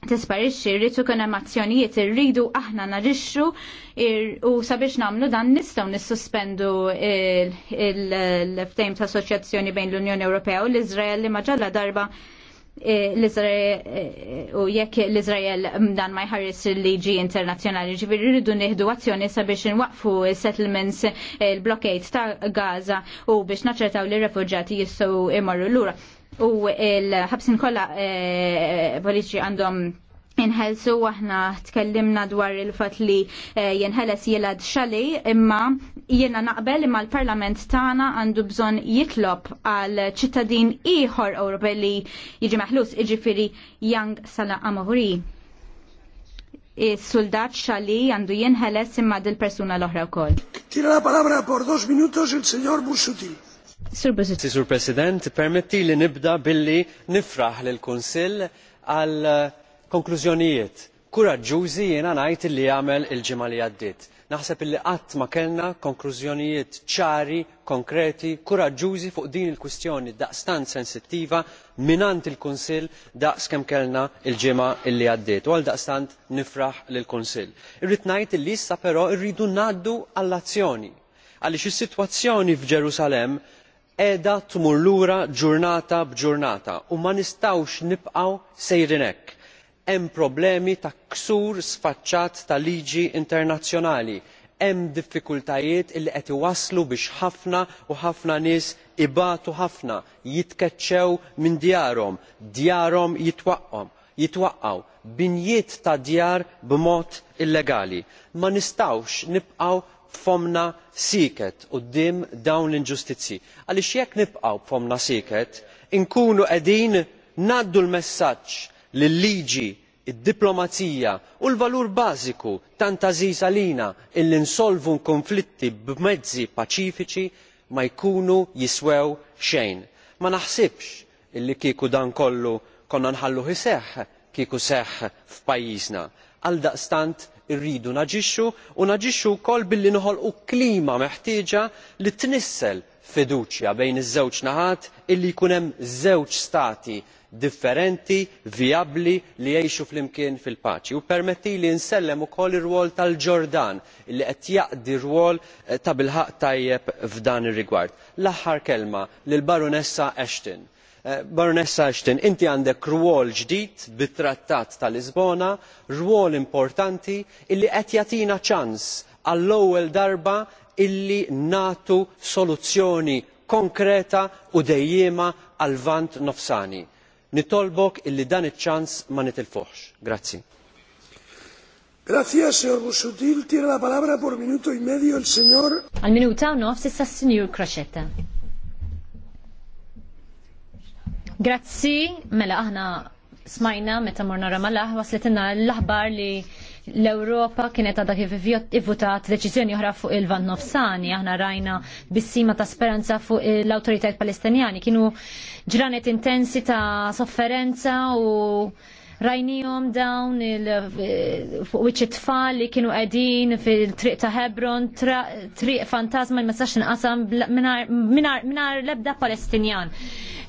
tisparixxi rrid ikun hemm azzjonijiet irridu aħna narixxu u sabiex nagħmlu dan nistgħu nissuspendu l-ftehim ta' assoċjazzjoni bejn l-Unjoni Ewropea u l-Iżrael li ma ġalla darba eh, eh, u jekk l-Izrael mm, dan ma jħarris il-liġi internazzjonali ġifiri rridu nieħdu azzjoni sabiex nwaqfu settlements eh, il-blockade ta' Gaza u biex naċċertaw li refuġati jistgħu imorru lura u il-ħabsin kolla politiċi eh, għandhom inħelsu aħna tkellimna dwar il-fat li eh, jenħeles jilad xali imma jiena naqbel imma l-parlament tagħna għandu bżon jitlob għal ċittadin ieħor Ewropej li jiġi maħlus firri Young Sala Amori. Is-soldat xali għandu jenħeles imma dil-persuna l-oħra wkoll. Tira la palabra por dos minutos il-senjor Bussuti. Sur President, permetti li nibda billi nifraħ lil kunsill għal eh, konklużjonijiet kuraġġużi jiena ngħid li jagħmel il-ġimgħa li għaddiet. Naħseb illi qatt ma kellna konklużjonijiet ċari, konkreti, kuraġġużi fuq din il-kwistjoni daqstant sensittiva mingħand il-Kunsill daqs kemm kellna il-ġimgħa li għaddiet u għaldaqstant nifraħ lill-Kunsill. Irrid ngħid illi issa però rridu ngħaddu għall-azzjoni għaliex is-sitwazzjoni f'Ġerusalemm qiegħda tmur lura ġurnata b'ġurnata u ma nistgħux nibqgħu sejrin hekk hemm problemi ta' ksur sfaċċat ta' liġi internazzjonali hemm diffikultajiet li qed iwasslu biex ħafna u ħafna nies ibatu ħafna jitkeċċew minn djarhom djarhom jitwaqqgħu binjiet ta' djar b'mod illegali. ma nistgħux nibqgħu fomna siket quddiem dawn l-inġustizzji għaliex jekk nibqgħu b'fomna siket inkunu qegħdin ngħaddu l-messaġġ li l-liġi id diplomazija u l valur bażiku tant għażiż għalina illi nsolvu konflitti b'mezzi paċifiċi ma jkunu jiswew xejn. ma naħsibx illi kieku dan kollu konna nħalluh iseħħ kieku seħħ f'pajjiżna għaldaqstant irridu naġixxu u naġixxu wkoll billi noħolqu klima meħtieġa li tnissel fiduċja bejn iż-żewġ naħat illi jkun hemm żewġ stati differenti vijabbli li jgħixu flimkien fil paċi u permettili nsellem ukoll ir rwol tal ġordan li qed jaqdi rwol eh, ta' bilħaq tajjeb f'dan ir rigward. l aħħar kelma lill baronessa ashton Eh, baronessa ashton inti għandek rwol ġdid bit-trattat ta' lisbona rwol importanti illi qed jagħtina ċans għall-ewwel darba illi nagħtu soluzzjoni konkreta u dejjema għal Vant nofsani. nitolbok illi dan iċ-ċans ma nitilfuhx. grazzi. Grazie, signor Busuttil. Tiene la palabra por minuto y e medio il Signor. Al minuto e nofs issa signor Crocetta. Grazzi, mela aħna smajna meta morna ramalah waslitinna l-aħbar li l-Europa kienet għadha kif ivvutat deċiżjoni oħra fuq il-Van Nofsani, aħna rajna bissima ta' speranza fuq l awtoritajiet palestinjani, kienu ġranet intensi ta' sofferenza u Rajnijom dawn fuq wiċċi tfal li kienu qegħdin fil-triq ta' Hebron, triq fantasma li ma sax inqasam mingħajr l-ebda Palestinjan.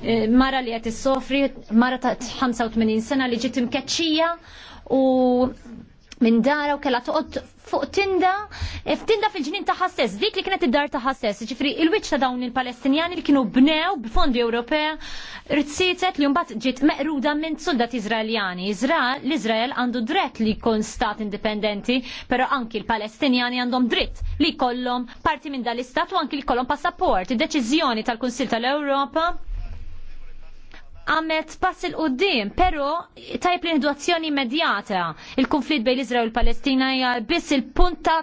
Eh, mara li qed issofri, mara ta' 85 sena li ġiet imkeċċija u minn dara u kella toqgħod fuq tinda, f'tinda eh, fil-ġnien ta' ħassess, dik li kienet id-dar ta' ħassess, ġifri il wiċċ ta' dawn il-Palestinjani li kienu bnew b'fondi Ewropea rtsitet li mbagħad ġiet meqruda minn soldati Izraeljani. Izrael, l-Izrael għandu dritt li jkun stat indipendenti, però anki l-Palestinjani għandhom dritt li jkollhom parti minn dal-istat u anki li jkollhom passaport. Id-deċiżjoni tal-Kunsil tal-Ewropa għamet pass il-qoddim, pero tajb l-induazzjoni immedjata. Il-konflitt bejn Izrael u l-Palestina hija biss il-punta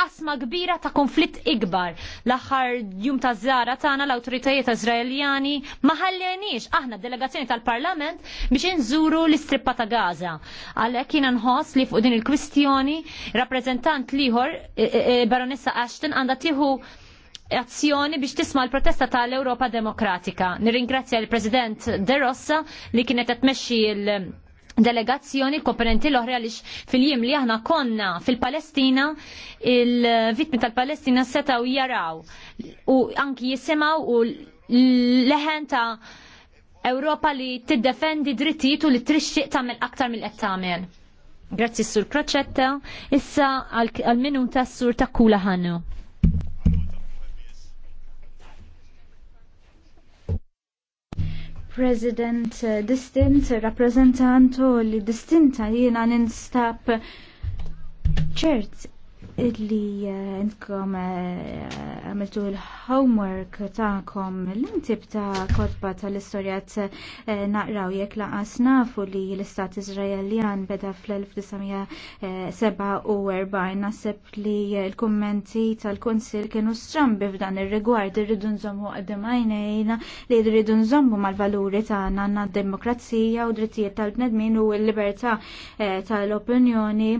asma kbira ta' konflitt ikbar. L-aħħar jum ta' żara tagħna l-awtoritajiet Izraeljani ma ħallejniex aħna delegazzjoni tal-Parlament biex inżuru l-istrippa ta' Gaza. Għalhekk jiena nħoss li fuq din il-kwistjoni rappreżentant liħor e, e, e, Baronessa Ashton għandha tieħu azzjoni biex tisma' l-protesta tal-Ewropa Demokratika. Nirringrazzja l-President De Rossa li kienet qed tmexxi l- delegazzjoni komponenti l-oħra għaliex fil-jiem li aħna konna fil-Palestina il-vitmi tal-Palestina setaw jaraw u anki jisimaw u leħen ta' Ewropa li tiddefendi drittijiet u li trixxiq tagħmel aktar mill-qed tagħmel. Grazzi Sur Croċetta, issa għal-minuta Sur Takula Hannu. President eh, distint, rappresentanto li distinta jiena ninstab ċert illi eh, intkom eh, għamiltu l homework ta'kom l-intib ta' kodba tal-istorjat eh, naqraw jek laqas nafu li l-istat Izraeljan beda fl-1947 nasib li l-kommenti tal-konsil kienu strambi f'dan ir-rigward irridu nżommu għaddim għajnejna li irridu nżommu mal-valuri ta' għanna demokrazija u drittijiet tal-bnedmin u l-libertà tal-opinjoni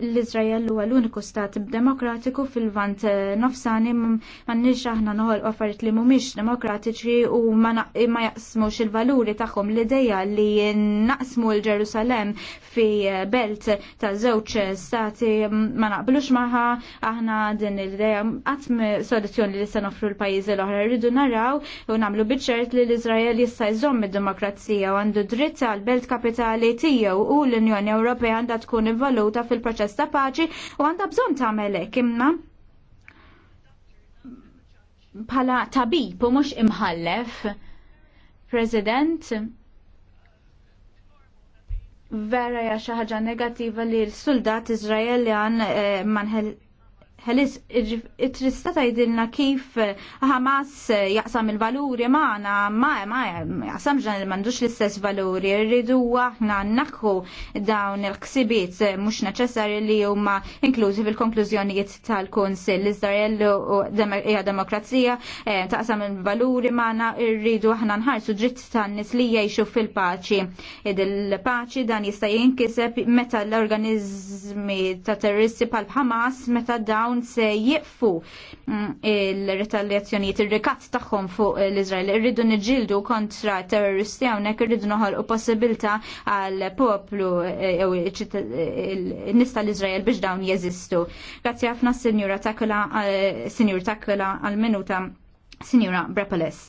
l-Izrael huwa l-uniku stat stat demokratiku fil-vant eh, nofsani m'għandniex aħna noħol affarijiet li mhumiex demokratiċi u ma eh, jaqsmux il-valuri tagħhom l ideja li naqsmu l-Ġerusalem fi eh, belt ta' żewġ stati ma naqblux magħha aħna din l-idea għatm soluzzjoni li se nofru l-pajjiżi l-oħra rridu naraw u nagħmlu biċċert li l-Iżrael jista' jżomm id-demokrazija u għandu dritt għal belt kapitali tiegħu u l-Unjoni Ewropea għandha tkun involuta fil-proċess ta' paċi u għandha bżonn tkun tagħmel hekk imma bħala tabib u mhux imħallef. President, vera ja xi ħaġa negattiva li l-soldat Izraeljan eh, manħel Helis, it tristat jidilna kif Hamas jaqsam il-valuri maħna, ma, ma, jaqsam ġan il-mandux l-istess valuri, rridu għahna nakku dawn il-ksibiet mux neċessarju li huma inklużi fil-konklużjonijiet tal-Konsil. L-Izrael hija demokrazija, eh, taqsam il-valuri maħna, rridu għahna nħarsu dritt tan-nis li jgħixu fil-paċi. Id il-paċi dan jista' jinkiseb meta l-organizmi ta' terroristi pal-Hamas, meta dawn dawn se jieqfu mm, il-retaljazzjonijiet, il-rikat tagħhom fuq l-Izrael. Irridu nġildu kontra terroristi hawnhekk irridu noħolqu possibilità għal poplu eh, jew nista eh, l-Izrael biex dawn jeżistu. Grazzi ħafna Sinjura Takola, eh, Sinjur Takola għal-minuta Sinjura Brepoles.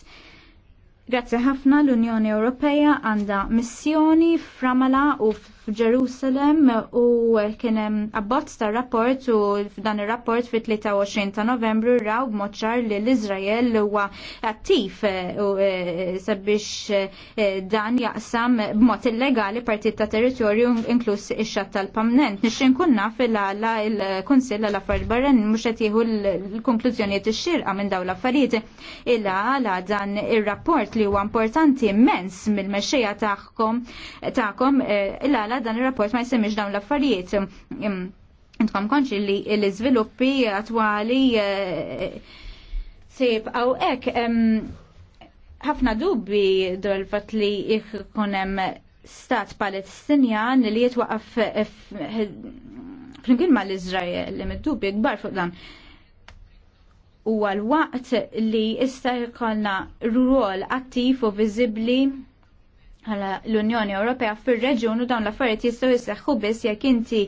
Grazzi ħafna l-Unjoni Ewropea għandha missjoni f'Ramala u f f'Ġerusalem u kien hemm abbozz ta' rapport u f'dan ir-rapport fit-23 ta' Novembru raw b'mod li l-Iżrael huwa attiv eh, u eh, sabiex eh, dan jaqsam b'mod illegali partit ta' territorju inkluż ix-xatt tal-Pamnent. Nixxin nkun naf il-għala il-Kunsill għal affarijiet barran mhux qed jieħu l-konklużjonijiet ix-xirqa minn dawn l-affarijiet. Illa għala dan ir-rapport li huwa importanti immens mill-mexxejja tagħkom tagħkom illa għala dan il-rapport ma jsemmix dawn l-affarijiet. Intkom konċi li l-izviluppi attwali sib għaw ek ħafna dubbi dwar fat li jkunem stat palestinjan li jitwaqaf eh, flimkien ma l-Izrael li mid-dubbi gbar fuq dan u għal-waqt li jista' jkollna rwol attiv u viżibbli għala l-Unjoni Ewropea fir-reġjun u dawn l-affarijiet jistgħu jisseħħu biss jekk inti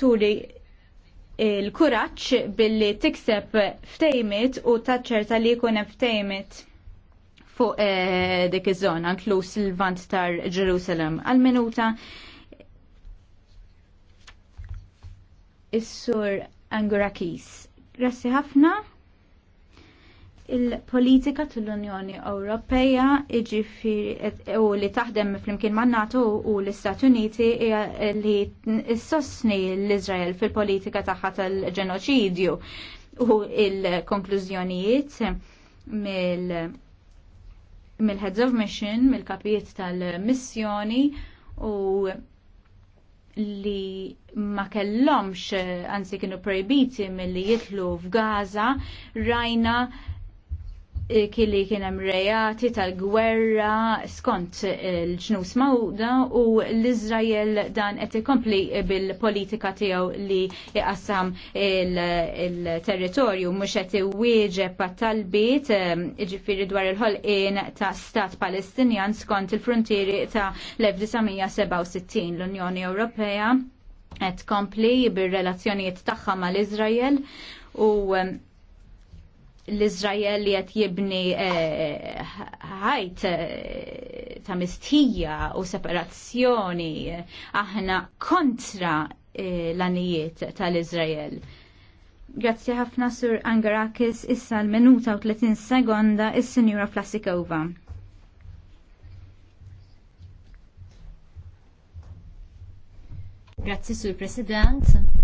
turi l-kuraġġ billi tikseb ftejmit u taċċerta li jkun hemm ftejmit fuq eh, dik iż-żona inkluż il-vant tar Ġerusalem. Għal-minuta is-sur Angurakis. Grazzi ħafna il-politika tal-Unjoni Ewropea iġifiri u li taħdem flimkien man NATO u l-Istati Uniti li s-sosni l-Izrael fil-politika tagħha tal-ġenoċidju u il-konklużjonijiet mill mill-Heads of Mission, mill-kapijiet tal-missjoni u li ma kellomx, anzi kienu prejbiti mill-li jitlu f'Gaza, rajna Eh, kelli kien hemm rejati tal-gwerra skont il-ġnus eh, mawda u l-Izrael dan qed ikompli bil-politika tiegħu li iqassam il-territorju mhux qed iwieġeb talbiet eh, ġifieri dwar il-ħolqien ta' stat Palestinjan skont il-frontieri ta' l-1967 l-Unjoni Ewropea qed kompli bir-relazzjonijiet tagħha mal-Iżrael u l-Izrael li qed jibni eh, ħajt eh, ta' mistija u separazzjoni aħna kontra eh, l-anijiet tal-Izrael. Grazzi ħafna sur Angarakis issa l-minuta u 30 sekonda is-Sinjura Flasikova. Grazzi sur President.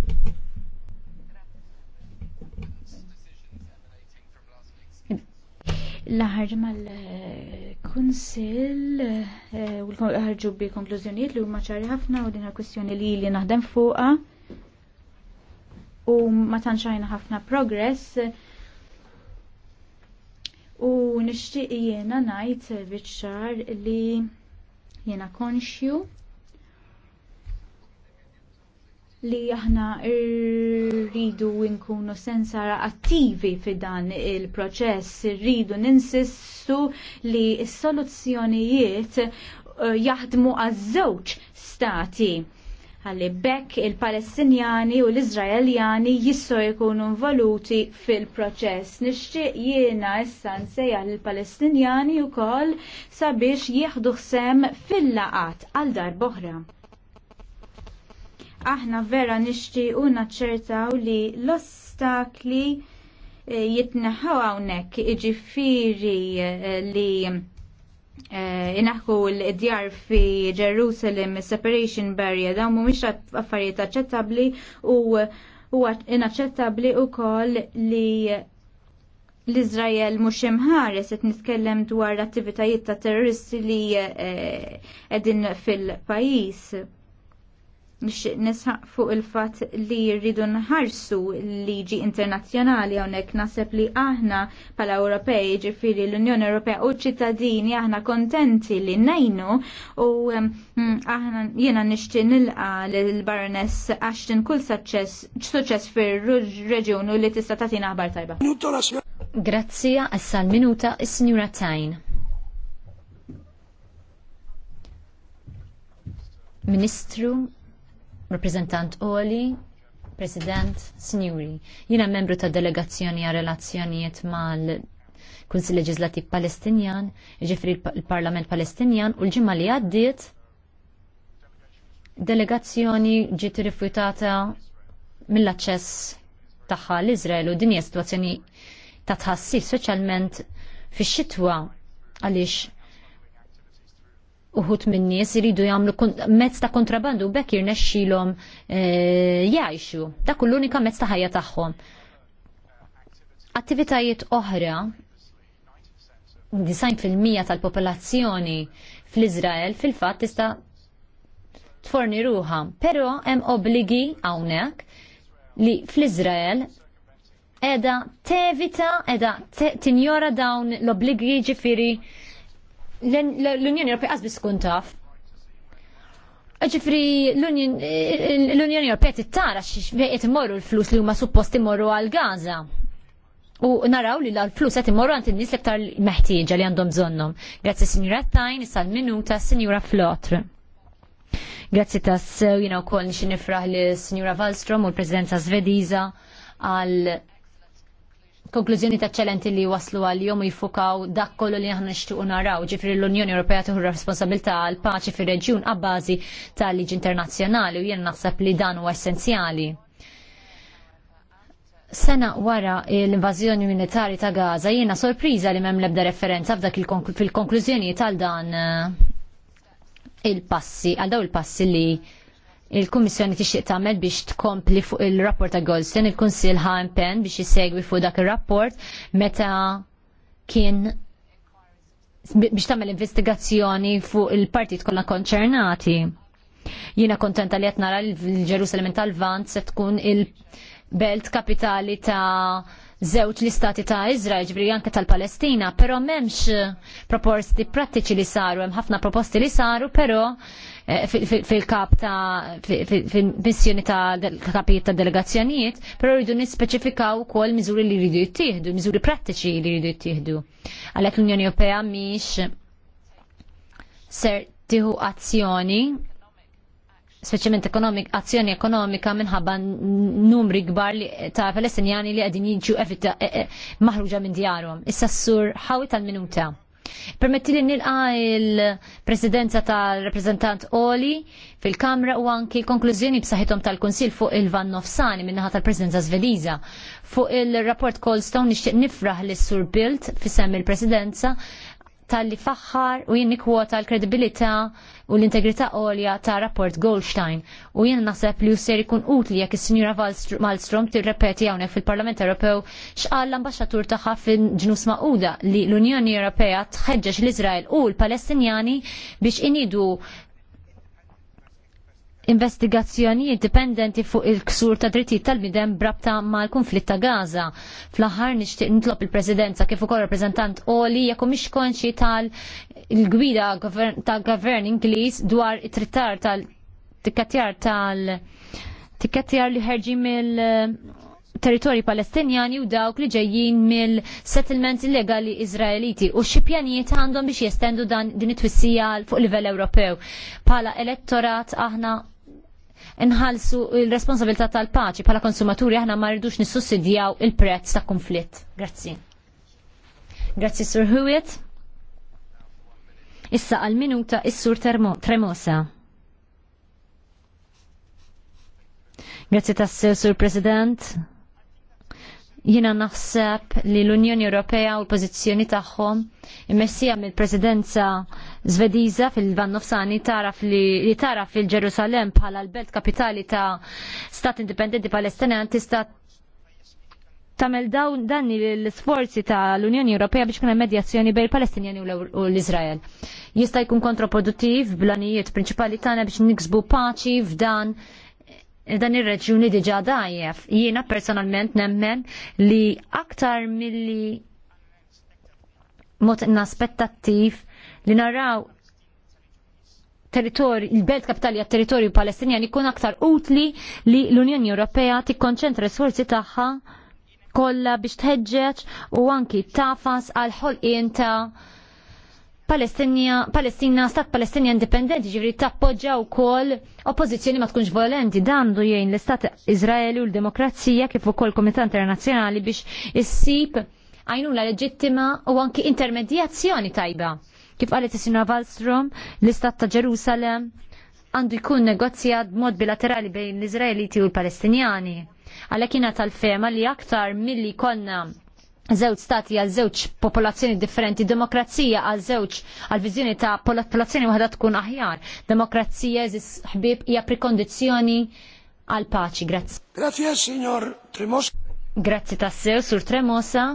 l-ħarġ mal-Kunsil eh, u l-ħarġu bi konklużjonijiet li huma ċari ħafna u din kwestjoni li li naħdem fuqa u ma tanċajna ħafna progress u nixtieq jiena ngħid eh, biċċar ċar li jiena konxju li aħna rridu nkunu sensara attivi fi dan il-proċess, rridu ninsistu li s-soluzzjonijiet uh, jaħdmu għaż-żewġ stati għalli bekk il-Palestinjani u l-Izraeljani jisso jkunu involuti fil-proċess. Nixtieq jiena issa nsejja lill-Palestinjani wkoll sabiex jieħdu ħsem fil-laqat għal dar boħra aħna vera nixtiequ naċċertaw li l-ostakli eh, jitneħħaw hawnhekk iġifieri eh, li eh, inaħku l-djar fi Jerusalem separation barrier dawn mhumiex affarijiet aċċettabbli u huwa inaċċettabbli wkoll li l-Izrael mhux imħares qed nitkellem dwar attivitajiet ta' terroristi li qegħdin fil-pajjiż nixtieq nisħaq fuq il-fatt li rridu nħarsu l-liġi internazzjonali hawnhekk naħseb li aħna bħala Ewropej, ġifieri l-Unjoni Ewropea u ċittadini aħna kontenti li ngħinu u mm, aħna jiena nixtieq nilqa lil baroness Ashton kull suċċess fir-reġjun u li tista' tagħtina aħbar tajba. għassa għassal minuta is-Sinjura Tajn. Ministru, Rappresentant Oli, President, Signori, jina membru ta' delegazzjoni għal relazzjonijiet mal Kunsil Leġislativ Palestinjan, ġifri l-Parlament Palestinjan u l-ġimma li għaddiet delegazzjoni ġiet rifjutata mill-aċċess tagħha l-Iżrael u din hija sitwazzjoni ta' tħassib speċjalment fix-xitwa għaliex uħut minn nies iridu jagħmlu mezz ta' kontrabandu bekk jirnexxilhom eh, jgħixu. Dak l-unika mezz ta' ħajja tagħhom. Attivitajiet oħra 90% tal-popolazzjoni fl izrael fil-fatt tista' tforni ruha, però hemm obbligi hawnhekk li fl izrael edha tevita, edha tinjora dawn l-obbligi ġifiri l-Unjoni Ewropea għazbis tkun taf. Ġifri l-Unjoni Ewropea tittara x'bejqed imorru l-flus li huma supposti imorru għal Gaza. U naraw li l-flus qed imorru għant n nies l-iktar meħtieġa li għandhom bżonnhom. Grazzi Sinjura Tajn, issa l-minuta Sinjura Flotr. Grazzi tas jina u koll nixin nifraħ li Sinjura Wallstrom u l-Presidenza Svediza għal konklużjoni ta' ċelenti li waslu għal jom jifukaw dak kollu li aħna nixtiequ naraw, ġifri l-Unjoni Ewropea tieħu responsabilità għal paċi fir-reġjun għabbażi tal-liġi internazzjonali u jien naħseb li dan huwa essenzjali. Sena wara l-invażjoni militari ta' Gaza jiena sorpriża li m'hemm l-ebda referenza f'dak fil-konklużjoni tal dan eh, il-passi, għal daw il-passi li il-Kummissjoni tixtieq tagħmel biex tkompli fuq il-rapport ta' Goldstein, il-Kunsill pen biex jissegwi fuq dak ir-rapport meta kien biex tagħmel investigazzjoni fuq il-partit kollha konċernati. Jiena kontenta li qed nara l-Ġerusalem tal-Vant se tkun il-belt kapitali ta' żewġ l-istati ta' Izrael ġbri anke tal-Palestina, però m'hemmx eh, proposti prattiċi li saru, hemm ħafna proposti li saru, però eh, fil-kap ta' fil-missjoni ta' kapijiet ta' delegazzjonijiet, pero rridu nispeċifikaw kol miżuri li rridu jittieħdu, miżuri prattiċi li rridu jittieħdu. Għalhekk l-Unjoni Ewropea miex ser tieħu azzjoni speċjalment ekonomik, azzjoni ekonomika minħabba numri kbar li ta' palestinjani li għedin jiġu e- e- maħruġa minn djarhom. Issa s-sur ħawi tal-minuta. Permetti li nilqa il-presidenza tal-reprezentant Oli fil-Kamra u anki konklużjoni b'saħħithom tal-Kunsil fuq il-Van Nofsani minnaħa tal-Presidenza Zveliża. Fuq il-rapport Colstone nixtieq nifraħ l sur Bilt fisem il-Presidenza tal-li faħħar u jien kwota l-kredibilità u l-integrità għolja ta' rapport Goldstein u jien naħseb li ser ikun utli jekk is-Sinjura Malmstrom tirrepeti hawnhekk fil-Parlament Ewropew x'qal l-ambaxxatur tagħha fin-ġnus Maquda li l-Unjoni Ewropea tħeġġeġ l-Iżrael u l-Palestinjani biex inidu investigazzjonijiet dipendenti fuq il-ksur ta' drittijiet tal-bidem brabta mal konflitt ta' Gaza. Fl-aħħar nixtieq nitlob il-Presidenza kif ukoll rappreżentant Oli jekk mhix konxi tal-gwida ta' gvern Ingliż dwar it-trittar tal-tikkatjar tal-tikkatjar li ħerġi mill eh, territorji palestinjani u dawk li ġejjin mill settlements illegali Izraeliti u xi pjanijiet għandhom biex jestendu dan din it-twissija fuq livell Ewropew. Pala elettorat aħna inħalsu il-responsabilità tal-paċi bħala konsumaturi aħna ma rridux nissussidjaw il-prezz ta' konflitt. Grazzi. Grazzi Sur Hewitt. Issa għal minuta is-Sur Tremosa. Grazzi tas Sur President. Jina naħseb li l-Unjoni Ewropea u l-pozizjoni tagħhom immessija mill-Presidenza Zvediża fil vannofsani Nofsani taraf li taraf fil-Ġerusalem bħala l-belt kapitali ta' Stat Indipendenti Palestinjan tista' tamel dawn dan l-sforzi ta' l-Unjoni Ewropea biex kuna medjazzjoni bejn il-Palestinjani u l iżrael Jista' jkun kontraproduttiv blanijiet prinċipali tagħna biex niksbu paċi f'dan dan ir-reġjuni diġà dajjef. Jiena personalment nemmen li aktar milli mod naspettattiv li naraw territori, il-belt kapitalja territorju palestinjan ikun aktar utli li l-Unjoni Ewropea tikkonċentra s-sforzi tagħha kollha biex tħeġġeġ u anki tafas għal ħolqien ta' Palestina, stat Palestina indipendenti ġivri tappoġġa wkoll oppożizzjoni ma tkunx volenti dan du jgħin l-istat Izraeli u l-demokrazija kif ukoll Komitat Internazzjonali biex issib għajnuna leġittima u anki intermedjazzjoni tajba. Kif qalet is-Sinra Wallstrom, l-istat ta' Ġerusalem għandu jkun negozjat b'mod bilaterali bejn l-Izraeliti u l-Palestinjani. Għalhekk tal-fema li aktar milli konna żewġ stati għal żewġ popolazzjoni differenti, demokrazija għal żewġ għal viżjoni ta' popolazzjoni waħda tkun aħjar. Demokrazija eżis ħbib hija prekondizjoni għal paċi. Grazzi. Grazie, signor Tremos. Grazzi tassew, sur Tremosa.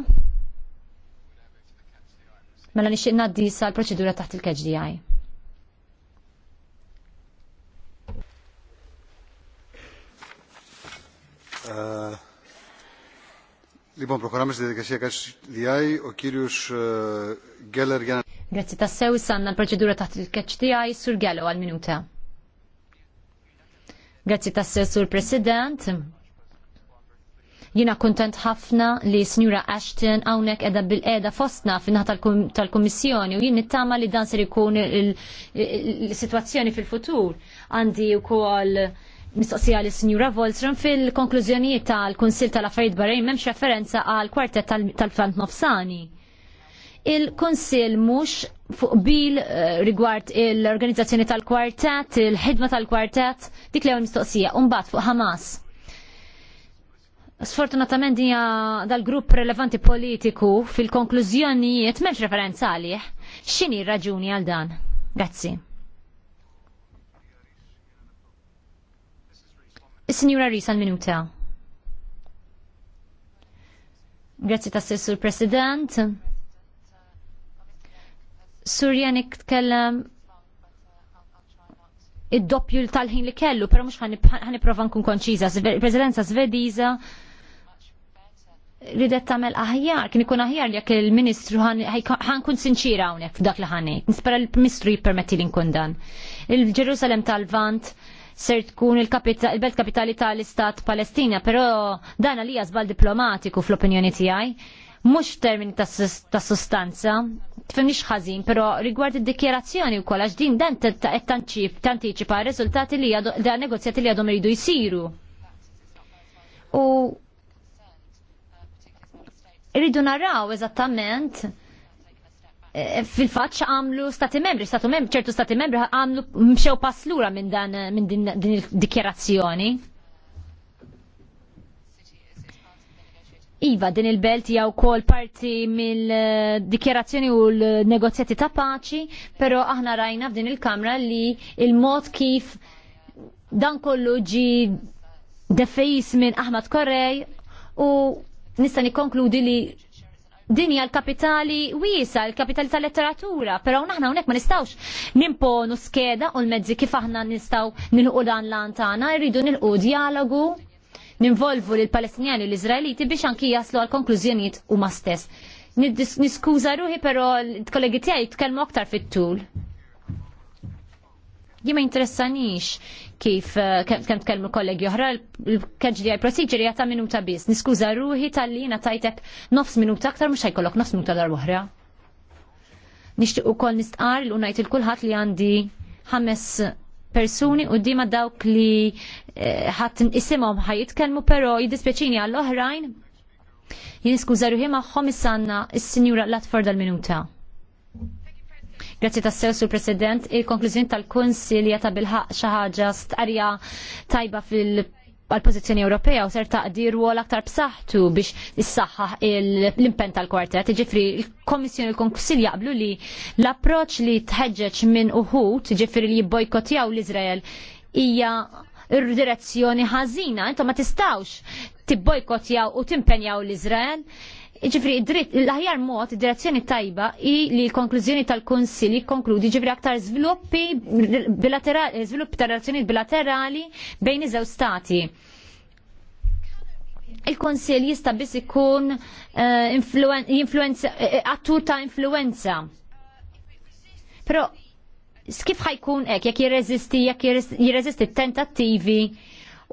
Mela nixtieq ngħaddi l proċedura taħt il-KGDI. Uh... Λοιπόν, προχωράμε στη διαδικασία Catch DI. Ο κύριος Γκέλλερ για να... Grazie tassew sanna l-proċedura taħt il-catch tiegħi sur Gallo għal-minuta. Grazie tassew sur President. Jina kontent ħafna li Snjura Ashton hawnhekk qiegħda bil-qiegħda fostna fin-naħa tal-Kummissjoni u jien nittama li dan ser ikun il-sitwazzjoni fil-futur. Għandi wkoll mistoqsija li Sinjura Voltron fil-konklużjonijiet tal-Kunsil tal-Affarijiet Barrej m'hemmx referenza għal kwartet tal fant Nofsani. il konsil mhux fuq bil eh, rigward l-organizzazzjoni tal-kwartet, il-ħidma tal-kwartet, dik li mistoqsija, umbat fuq Hamas. Sfortunatament dinja dal-grupp relevanti politiku fil-konklużjonijiet m'hemmx referenza għalih. X'inhi raġuni għal dan? Grazzi. Is-Sinjura Risa l-minuta. Grazzi ta' Sur President. Surjanik tkellem id-doppju tal-ħin li kellu, pero mux ħaniprofa nkun konċiza. Presidenza svediza ridet tamel aħjar, kien ikun aħjar jekk il-ministru ħankun sinċira hawnhekk f'dak li ħanejt. Nispera l-ministru jippermetti li nkun dan. Il-Ġerusalem tal-Vant ser tkun il-belt kapitali tal-Istat Palestina, però dan għalija żball diplomatiku fl-opinjoni tiegħi. Mhux termini ta' sustanza, tfimniex ħażin, però rigward id-dikjerazzjoni wkoll għax din dan tantiċipa r-riżultati li għadu, da' negozjati li għadu iridu jsiru. U irridu naraw eżattament Eh, fil faċċ għamlu stati membri, stati membri, ċertu stati membri għamlu mxew paslura minn dan minn din, din il-dikjerazzjoni. Iva, din il-belt jaw kol parti mill-dikjerazzjoni u l-negozjati ta' paċi, pero aħna rajna f'din il-kamra li il-mod kif dan kollu ġi defejis minn Ahmad Korej u nista' nikkonkludi li dinja l-kapitali wisa, l-kapitali tal-letteratura, pero naħna unek ma nistawx nimponu skeda u l-mezzi kif aħna nistaw nilqu dan lantana, irridu nilqu dialogu, ninvolvu l palestinjani u l-Izraeliti biex anki jaslu għal konklużjonijiet u ma stess. Niskuza ruħi, pero l-kollegi tijaj jitkellmu aktar fit-tul. Jima interessanix kif eh, kemm tkellmu kollegi oħra l-KGDI procedure jata minuta biss. Niskuża ruħi tal-li jiena tajtek nofs minuta aktar mhux ħajkollok nofs minuta dar Nishti Nixtieq ukoll nistqar l unajt il kulħadd li għandi ħames persuni u dima dawk li eh, ħadd isimhom ħajitkellmu però jiddispjaċini għall-oħrajn Jien skuża ruħi magħhom sanna is-Sinjura l Latford dal-Minuta. Grazzi tassew sur President, il-konklużjoni tal-Kunsilja ta' bilħaq xi ħaġa stqarja tajba fil għal-pozizjoni Ewropea u ser taqdir rwol aktar b'saħħtu biex issaħħaħ l-impen tal-kwartet. Ġifri, il-Komissjoni l-Konkussil jaqblu li l-approċ li tħeġġeġ minn uħut, ġifri li jibbojkotjaw l-Izrael, hija ir-direzzjoni ħażina, intom ma tistawx tibbojkotjaw u timpenjaw l-Izrael Ġifri, l-aħjar mod, direzzjoni tajba, i li l konklużjoni tal-Konsili konkludi ġifri aktar sviluppi bilaterali, eh, sviluppi ta' relazzjoni bilaterali bejn iż-żew stati. Il-Konsil jista' biss ikun eh, eh, attur ta' influenza. Però skif ħajkun hekk jekk jirreżisti jekk jirreżisti tentattivi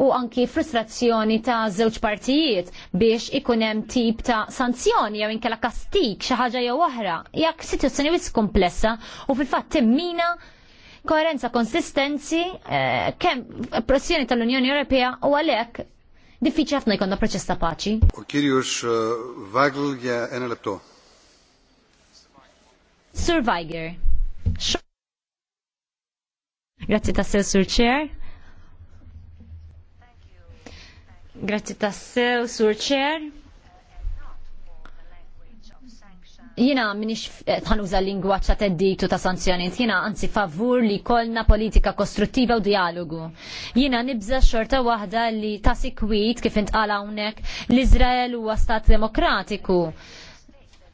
u anki frustrazzjoni ta' żewġ partijiet biex ikun hemm tip ta' sanzjoni jew inkella kastik xi ħaġa jew oħra. Jekk sitwazzjoni wis komplessa u fil-fatt timmina koerenza konsistenzi eh, kemm pressjoni tal-Unjoni Ewropea u għalhekk diffiċli ħafna jkollna proċess ta' paċi. U kirjux Vagl ja enelepto. Sur Weiger. Grazzi ta' Sur Chair. Grazzi tassew, Sur Chair. Jina minix eh, tħanuża l-lingwaċ ta' tedditu ta' sanzjoniet, jina anzi favur li kolna politika kostruttiva u dialogu. Jina nibza xorta wahda li ta' sikwit kif intqala hawnhekk l-Izrael huwa stat demokratiku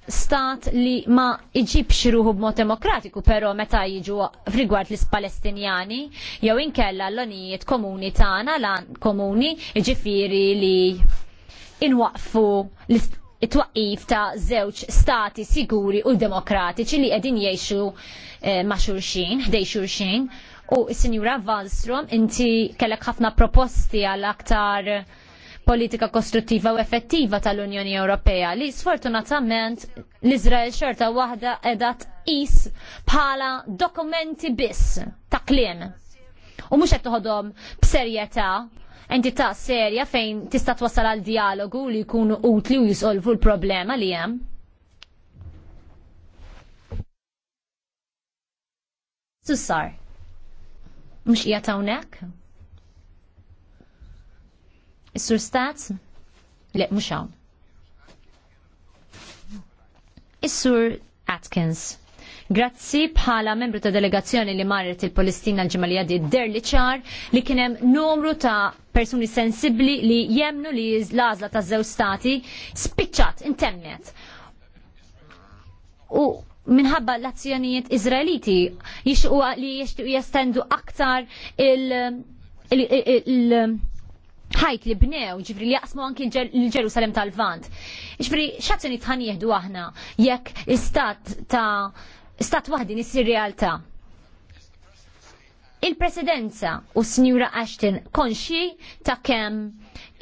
stat li ma iġibx ruħu b'mod demokratiku, pero meta jiġu rigward l-Palestinjani, jew inkella l-onijiet komuni tagħna lan komuni, iġifiri li inwaqfu it-twaqif ta' żewġ stati siguri u demokratiċi li qegħdin jgħixu eh, ma' xulxin, ħdej xulxin. U s-Sinjura Wallstrom, inti kellek ħafna proposti għal aktar politika kostruttiva u effettiva tal-Unjoni Ewropea li sfortunatament l-Izrael xorta waħda edat tqis bħala dokumenti biss ta' klien. U mhux qed toħodhom b'serjetà entità serja fejn tista' twassal għal dialogu li jkunu utli u jisolvu l-problema li hemm. Sussar, mux jgħat hawnhekk? sur stat? Le, mhux hawn. Is-sur Atkins. Grazzi bħala membru ta' delegazzjoni li marret il-Palestina l-ġemalija di Derli ċar li kienem numru ta' persuni sensibli li jemnu li l-azla ta' żew stati spiċċat, intemmet. U minħabba l-azzjonijiet Izraeliti jixqu li jixtu jestendu aktar il-, il, il, il ħajt li bnew, ġifri li jaqsmu anki l-Ġerusalem tal-Vant. Ġifri, xazzjoni tħan jihdu aħna jekk istat ta' istat wahdi jisir realtà. Il-presidenza u s s-Njura Ashton konxi ta' kem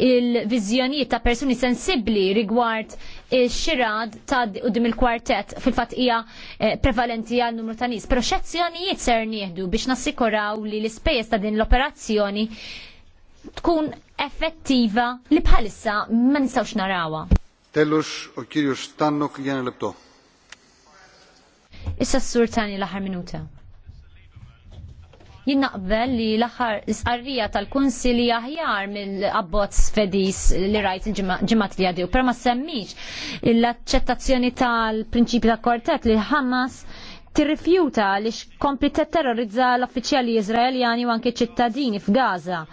il-vizjonijiet ta' persuni sensibli rigward il-xirad ta' dim il-kwartet fil ija eh, prevalenti għal numru ta' nis. Pero xazzjonijiet ser nieħdu biex nassikuraw li l-ispejjeż ta' din l-operazzjoni tkun effettiva li bħalissa ma nistgħux narawha. Tellux u kirju stannok li jena Issa s-sur tani l-aħħar minuta. Jien naqbel li l-aħħar isqarrija tal-Kunsilli aħjar mill-abbozz fedis li rajt il ġimat li għadju. però ma semmix l-aċċettazzjoni tal-prinċipju ta' kortet li Hamas tirrifjuta li kompli terrorizza l offiċjali Izraeljani u anke ċittadini f'Gaza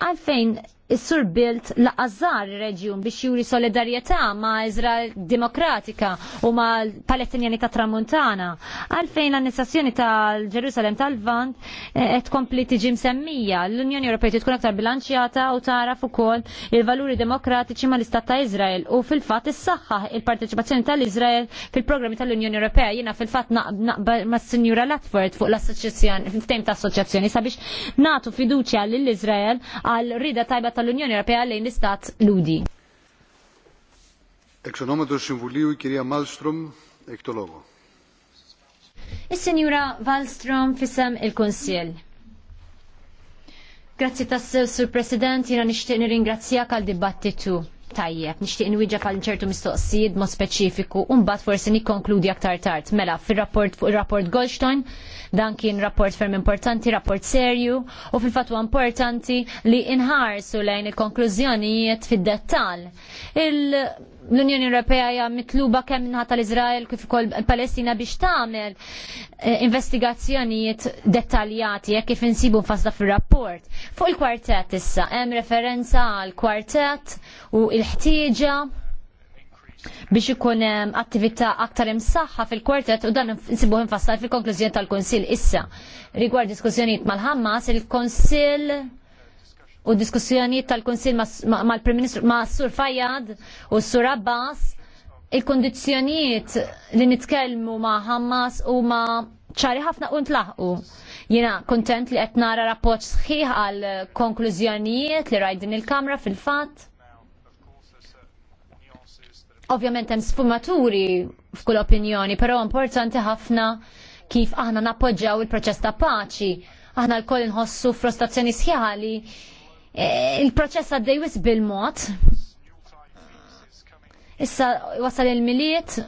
għalfejn Is-Sur Bilt laqazzar reġjun biex juri solidarjetà ma' Izrael Demokratika u ma' Palestinjani ta' Tramuntana. Għalfejn l-annessazzjoni tal-Ġerusalem tal-Vant e, qed kompliti ġim msemmija. L-Unjoni Ewropea tkun aktar bilanċjata u taraf ukoll il-valuri demokratiċi ma' l-Istat ta' Izrael u fil-fatt issaħħaħ il-parteċipazzjoni tal-Izrael fil-programmi tal-Unjoni Ewropea. Jiena fil-fatt naqba ma' Sinjura Latford fuq l-assoċjazzjoni, fil-tejm ta' assoċjazzjoni sabiex natu fiduċja lill-Izrael għal rida tajba tal-Unjoni Ewropea lejn l-Istat Ludi. Eksonometru Simvuliju, kirja Malmström, ektologo. Is-Sinjura Wallstrom fisem il-Konsil. Grazzi tassew, Sur President, jina nishtiq nirringrazzjak għal dibattitu tajjeb, nixtieq inwiġġa għal ċertu mistoqsijiet mod speċifiku, u mbagħad forsi nikkonkludi aktar tard. Mela, fir-rapport fuq ir-rapport Goldstein, dan kien rapport ferm importanti, rapport serju, u fil-fatwa importanti li inħarsu lejn il-konklużjonijiet fid-dettal. Il l-Unjoni Ewropea hija mitluba kemm minħat tal-Iżrael kif ukoll Palestina biex tagħmel eh, investigazzjonijiet dettaljati jekk kif insibu nfasda fir-rapport. Fuq il-kwartett issa hemm referenza għal kwartett u l-ħtieġa biex ikun attività aktar imsaħħa fil-kwartet u dan nsibuħ infassal fil-konklużjoni tal-Konsil issa. Rigward diskussjonijiet mal-ħammas, il-Konsil u diskussjonijiet tal-Kunsil mal-Prim Ministru ma' Sur Fajad u Sur Abbas il kondizjoniet li nitkellmu ma' Hamas u ma' ċari ħafna u ntlaħqu. Jena kontent li qed nara rapport sħiħ għal konklużjonijiet li rajdin il-kamra fil-fatt. Ovvjament hemm sfumaturi f'kull opinjoni, però importanti ħafna kif aħna nappoġġaw il-proċess ta' paċi. Aħna l-koll nħossu frustrazzjoni sħiħa li Eh, il-proċess għaddejwis bil-mod. Issa wasal il-miliet,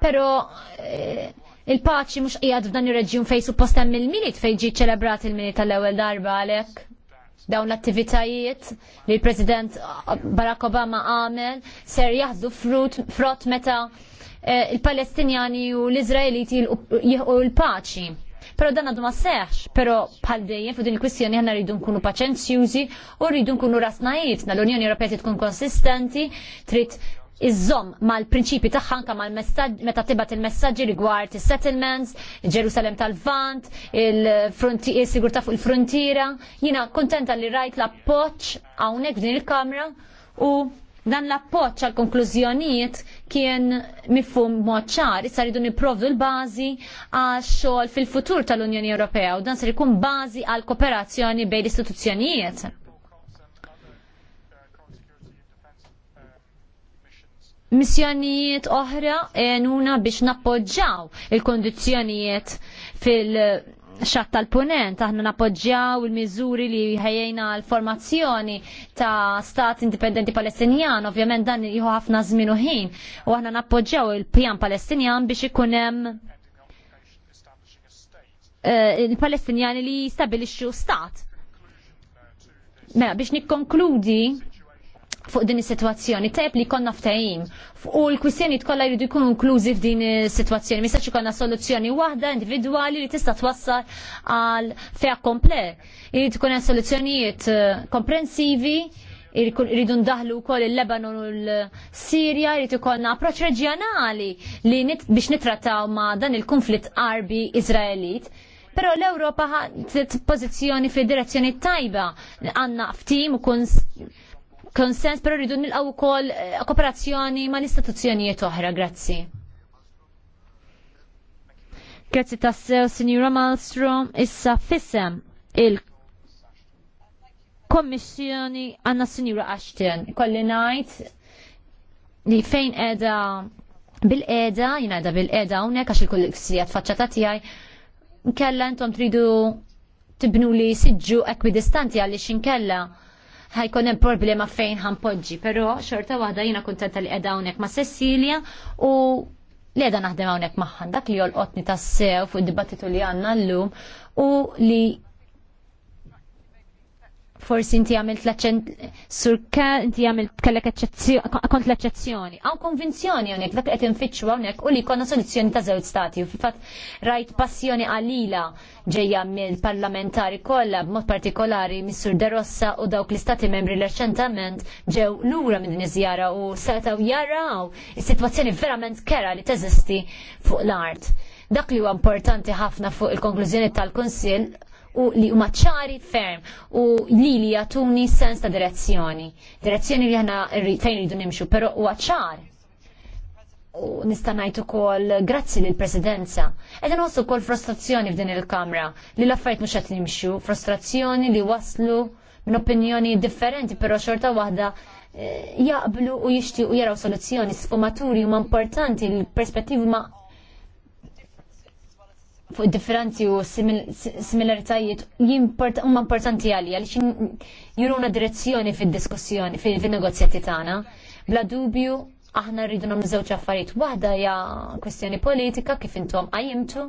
pero eh, il-paċi mux qijad f'dan ir-reġjun fej suppost hemm il-miliet fej ġi ċelebrat il-miliet tal-ewwel darba għalhekk dawn l-attivitajiet li l-President Barack Obama għamel ser jaħdu frott meta eh, il-Palestinjani u l-Izraeliti jieħu l-paċi. Pero dan għadu ma seħx, pero bħal dejjem fuq din il-kwistjoni ħna rridu nkunu paċenzjużi u rridu nkunu rasnajiet. L-Unjoni Ewropea tkun konsistenti, trid iżżomm mal-prinċipi tagħha anke mal-messaġġ meta tibgħat il-messaġġi rigward is-settlements, Ġerusalem tal-Vant, il-sigurtà fuq il-frontiera. Jiena kontenta li rajt l-appoġġ hawnhekk din il-Kamra u Dan l-appoċ għal konklużjonijiet kien mifhum mod ċar, issa rridu nipprovdu l-bażi għal xogħol fil-futur tal-Unjoni Ewropea u dan se jkun bażi għal kooperazzjoni bejn l-istituzzjonijiet. missjonijiet oħra enuna biex nappoġġaw il-kondizjonijiet fil- xatt tal-punent, aħna napoġġjaw il-miżuri li ħejjejna l-formazzjoni ta' stat indipendenti palestinjan, ovvjament dan jieħu ħafna żmien u ħin, u aħna napoġġjaw il-pjan palestinjan biex ikun hemm eh, il-Palestinjani li jistabilixxu stat. Mela biex nikkonkludi fuq din is-sitwazzjoni. Tajb li konna ftajim. U l-kwistjoni tkollha jridu jkunu inklużi f'din is-sitwazzjoni. Ma jistax ikolna soluzzjoni waħda individwali li tista' twassal għal feha komple. Jrid ikun hemm soluzzjonijiet eh, komprensivi, jridu ndaħlu wkoll il-Lebanon u l-Sirja, jrid ikollna approċċ reġjonali li biex nittrattaw ma' dan il-konflitt arbi Iżraelit. Pero l-Europa ħadet pożizzjoni fi direzzjoni tajba għandna ftim u kun konsens, pero rridu nil-għaw kol eh, kooperazzjoni ma' l-istituzzjonijiet oħra, grazzi. Grazzi tassew, Signora Malmstrom, issa fissem il kommissjoni għanna Signora Ashton. Kolli najt li fejn edha bil-eda, jina edha bil-eda, unek għax il-kolleksijat faċċata tijaj, nkella intom tridu tibnu li siġġu ekwidistanti għalli xinkella. kella ħajkun hemm problema fejn ħanpoġġi, però xorta waħda jiena kuntenta li qiegħda hawnhekk ma' Cecilia u li qiegħda naħdem hawnhekk magħha dak li jolqotni tassew fuq id-dibattitu li għandna llum u li forsi inti għamilt surka inti għamilt kellek kont l eċċezzjoni Għaw konvinzjoni għonek, dak qed infittxu għonek u li konna soluzzjoni ta' żewġ stati. U fil-fatt rajt passjoni għalila ġejja mill parlamentari kollha b'mod partikolari Missur De Rossa u dawk l-istati membri l-reċentament ġew lura minn din iżjara u setgħu jaraw is-sitwazzjoni verament kera li teżisti fuq l-art. Dak li huwa importanti ħafna fuq il-konklużjoni tal-Kunsill u li huma ċari ferm u li li jatuni sens ta' direzzjoni. Direzzjoni li aħna fejn rridu nimxu, però huwa ċar. U nista' ngħid ukoll li lill presidenza Edan waslu kol frustrazzjoni f'din il-Kamra li l-affarijiet mhux qed nimxu, frustrazzjoni li waslu minn opinjoni differenti, però xorta waħda eh, jaqblu u jixtiequ jaraw soluzzjoni sfumaturi huma importanti l-perspettivi ma' fuq differenzi u similaritajiet huma importanti għalli għaliex juruna direzzjoni fil diskussjoni fin-negozjati tagħna. Bla dubju aħna rridu nam żewġ affarijiet. Waħda hija kwestjoni politika kif intom qajjimtu,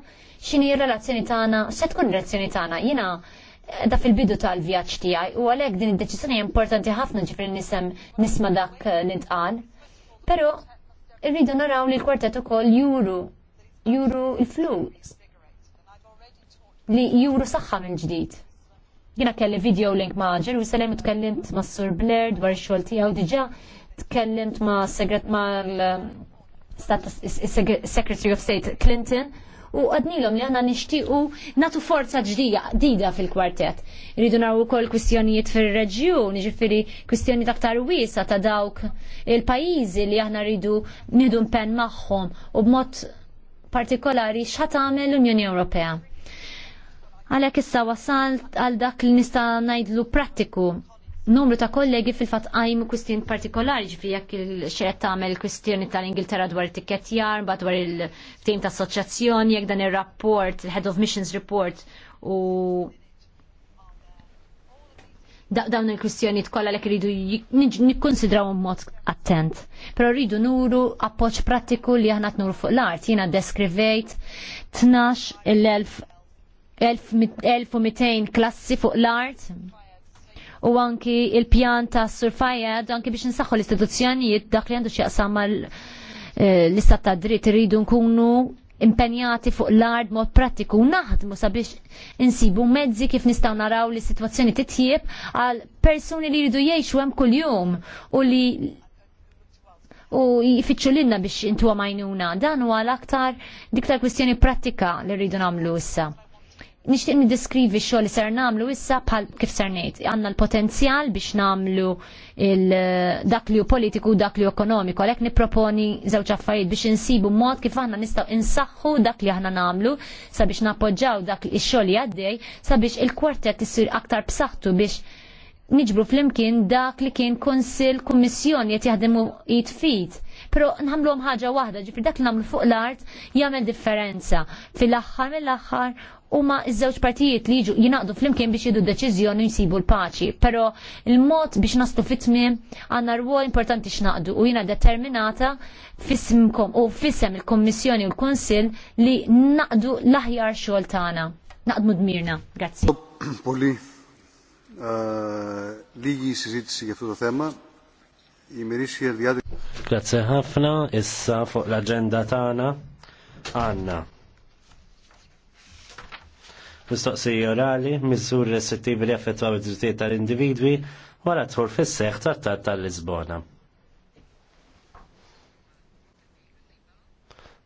x'inhi r-relazzjoni tagħna, se tkun relazzjoni tagħna. Jiena eh, da fil-bidu tal-vjaġġ tiegħi u għalhekk din id-deċiżjoni importanti ħafna ġifri nisem nisma' dak eh, li ntqal. Però rridu naraw li l-kwartet ukoll juru juru l-flus li juru saħħa minn ġdid. Jina kelli video link ma' Ġeru Salem tkellimt ma' Sur Blair dwar xogħol tiegħu diġà tkellimt ma' segret ma' Secretary of State Clinton u għadnilom li għanna nishtiqu natu forza ġdija, ġdida fil-kwartet. Rridu naraw ukoll kwistjonijiet fil-reġjun, ġifiri kwistjoni taktar wiesa ta' dawk il-pajizi li aħna rridu nidu pen magħhom u b'mod partikolari x'ħat tagħmel l-Unjoni Ewropea. Għalhekk issa wasal għal dak li nista' ngħidlu prattiku. Numru ta' kollegi fil-fatt għajmu kustin partikolari ġifi jekk il-xejn tagħmel kwistjoni tal-Ingilterra dwar it-tikketjar, mbagħad dwar il-tim ta' assoċjazzjoni, jekk dan ir-rapport, il-Head of Missions Report u dawn il-kwistjoni tkolla l-ek rridu nikkonsidraw mod attent. Pero rridu nuru appoċ pratiku li aħna nuru fuq l-art. Jena deskrivejt 12 l-1000 1200 klassi fuq l-art u anki il-pjan ta' surfajad anki biex nsaxħu l-istituzzjonijiet dak li għandu xieqsam eh, l-istat ta' dritt rridu nkunu impenjati fuq l-art mod pratiku naħdmu sabiex insibu mezzi kif nistaw naraw li situazzjoni titjieb għal persuni li jridu jiexu hemm kuljum u li u jfittxu l biex intuwa majnuna dan u għal aktar diktar kwestjoni pratika li rridu namlu issa nixtieq nidiskrivi x li ser nagħmlu issa bħal kif ser ngħid. Għanna l-potenzjal biex nagħmlu dak li hu politiku u dak li ekonomiku. Għalhekk nipproponi żewġ affarijiet biex insibu mod kif aħna nistgħu insaħħu dak li aħna nagħmlu sabiex nappoġġaw dak li xo li għaddej sabiex il-kwartet jissir aktar b'saħħtu biex niġbru flimkien dak li kien konsil kummissjoni qed jaħdemu fit pero nħamluhom ħaġa waħda, ġifri dak li nagħmlu fuq l-art jagħmel differenza. Fil-aħħar mill-aħħar huma iż-żewġ partijiet li jiġu fl flimkien biex jidu deċiżjoni jsibu l-paċi, però il-mod biex naslu fitmi għanna għandna rwol importanti x'naqdu u jiena determinata fissimkom u fissem il-Kommissjoni u l-Kunsill li naqdu l-aħjar xogħol tagħna. Naqdmu dmirna. Grazzi. Πολύ li συζήτηση για αυτό tema. Grazie ħafna, issa fuq l-agenda tagħna għandna. Mistoqsija orali, miżur restrittivi li affettwaw id-drittijiet tal-individwi wara tħur fis-seħħ tat-tat tal-Lisbona.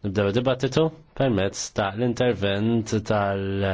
Nibdew dibattitu permezz ta' l-intervent tal-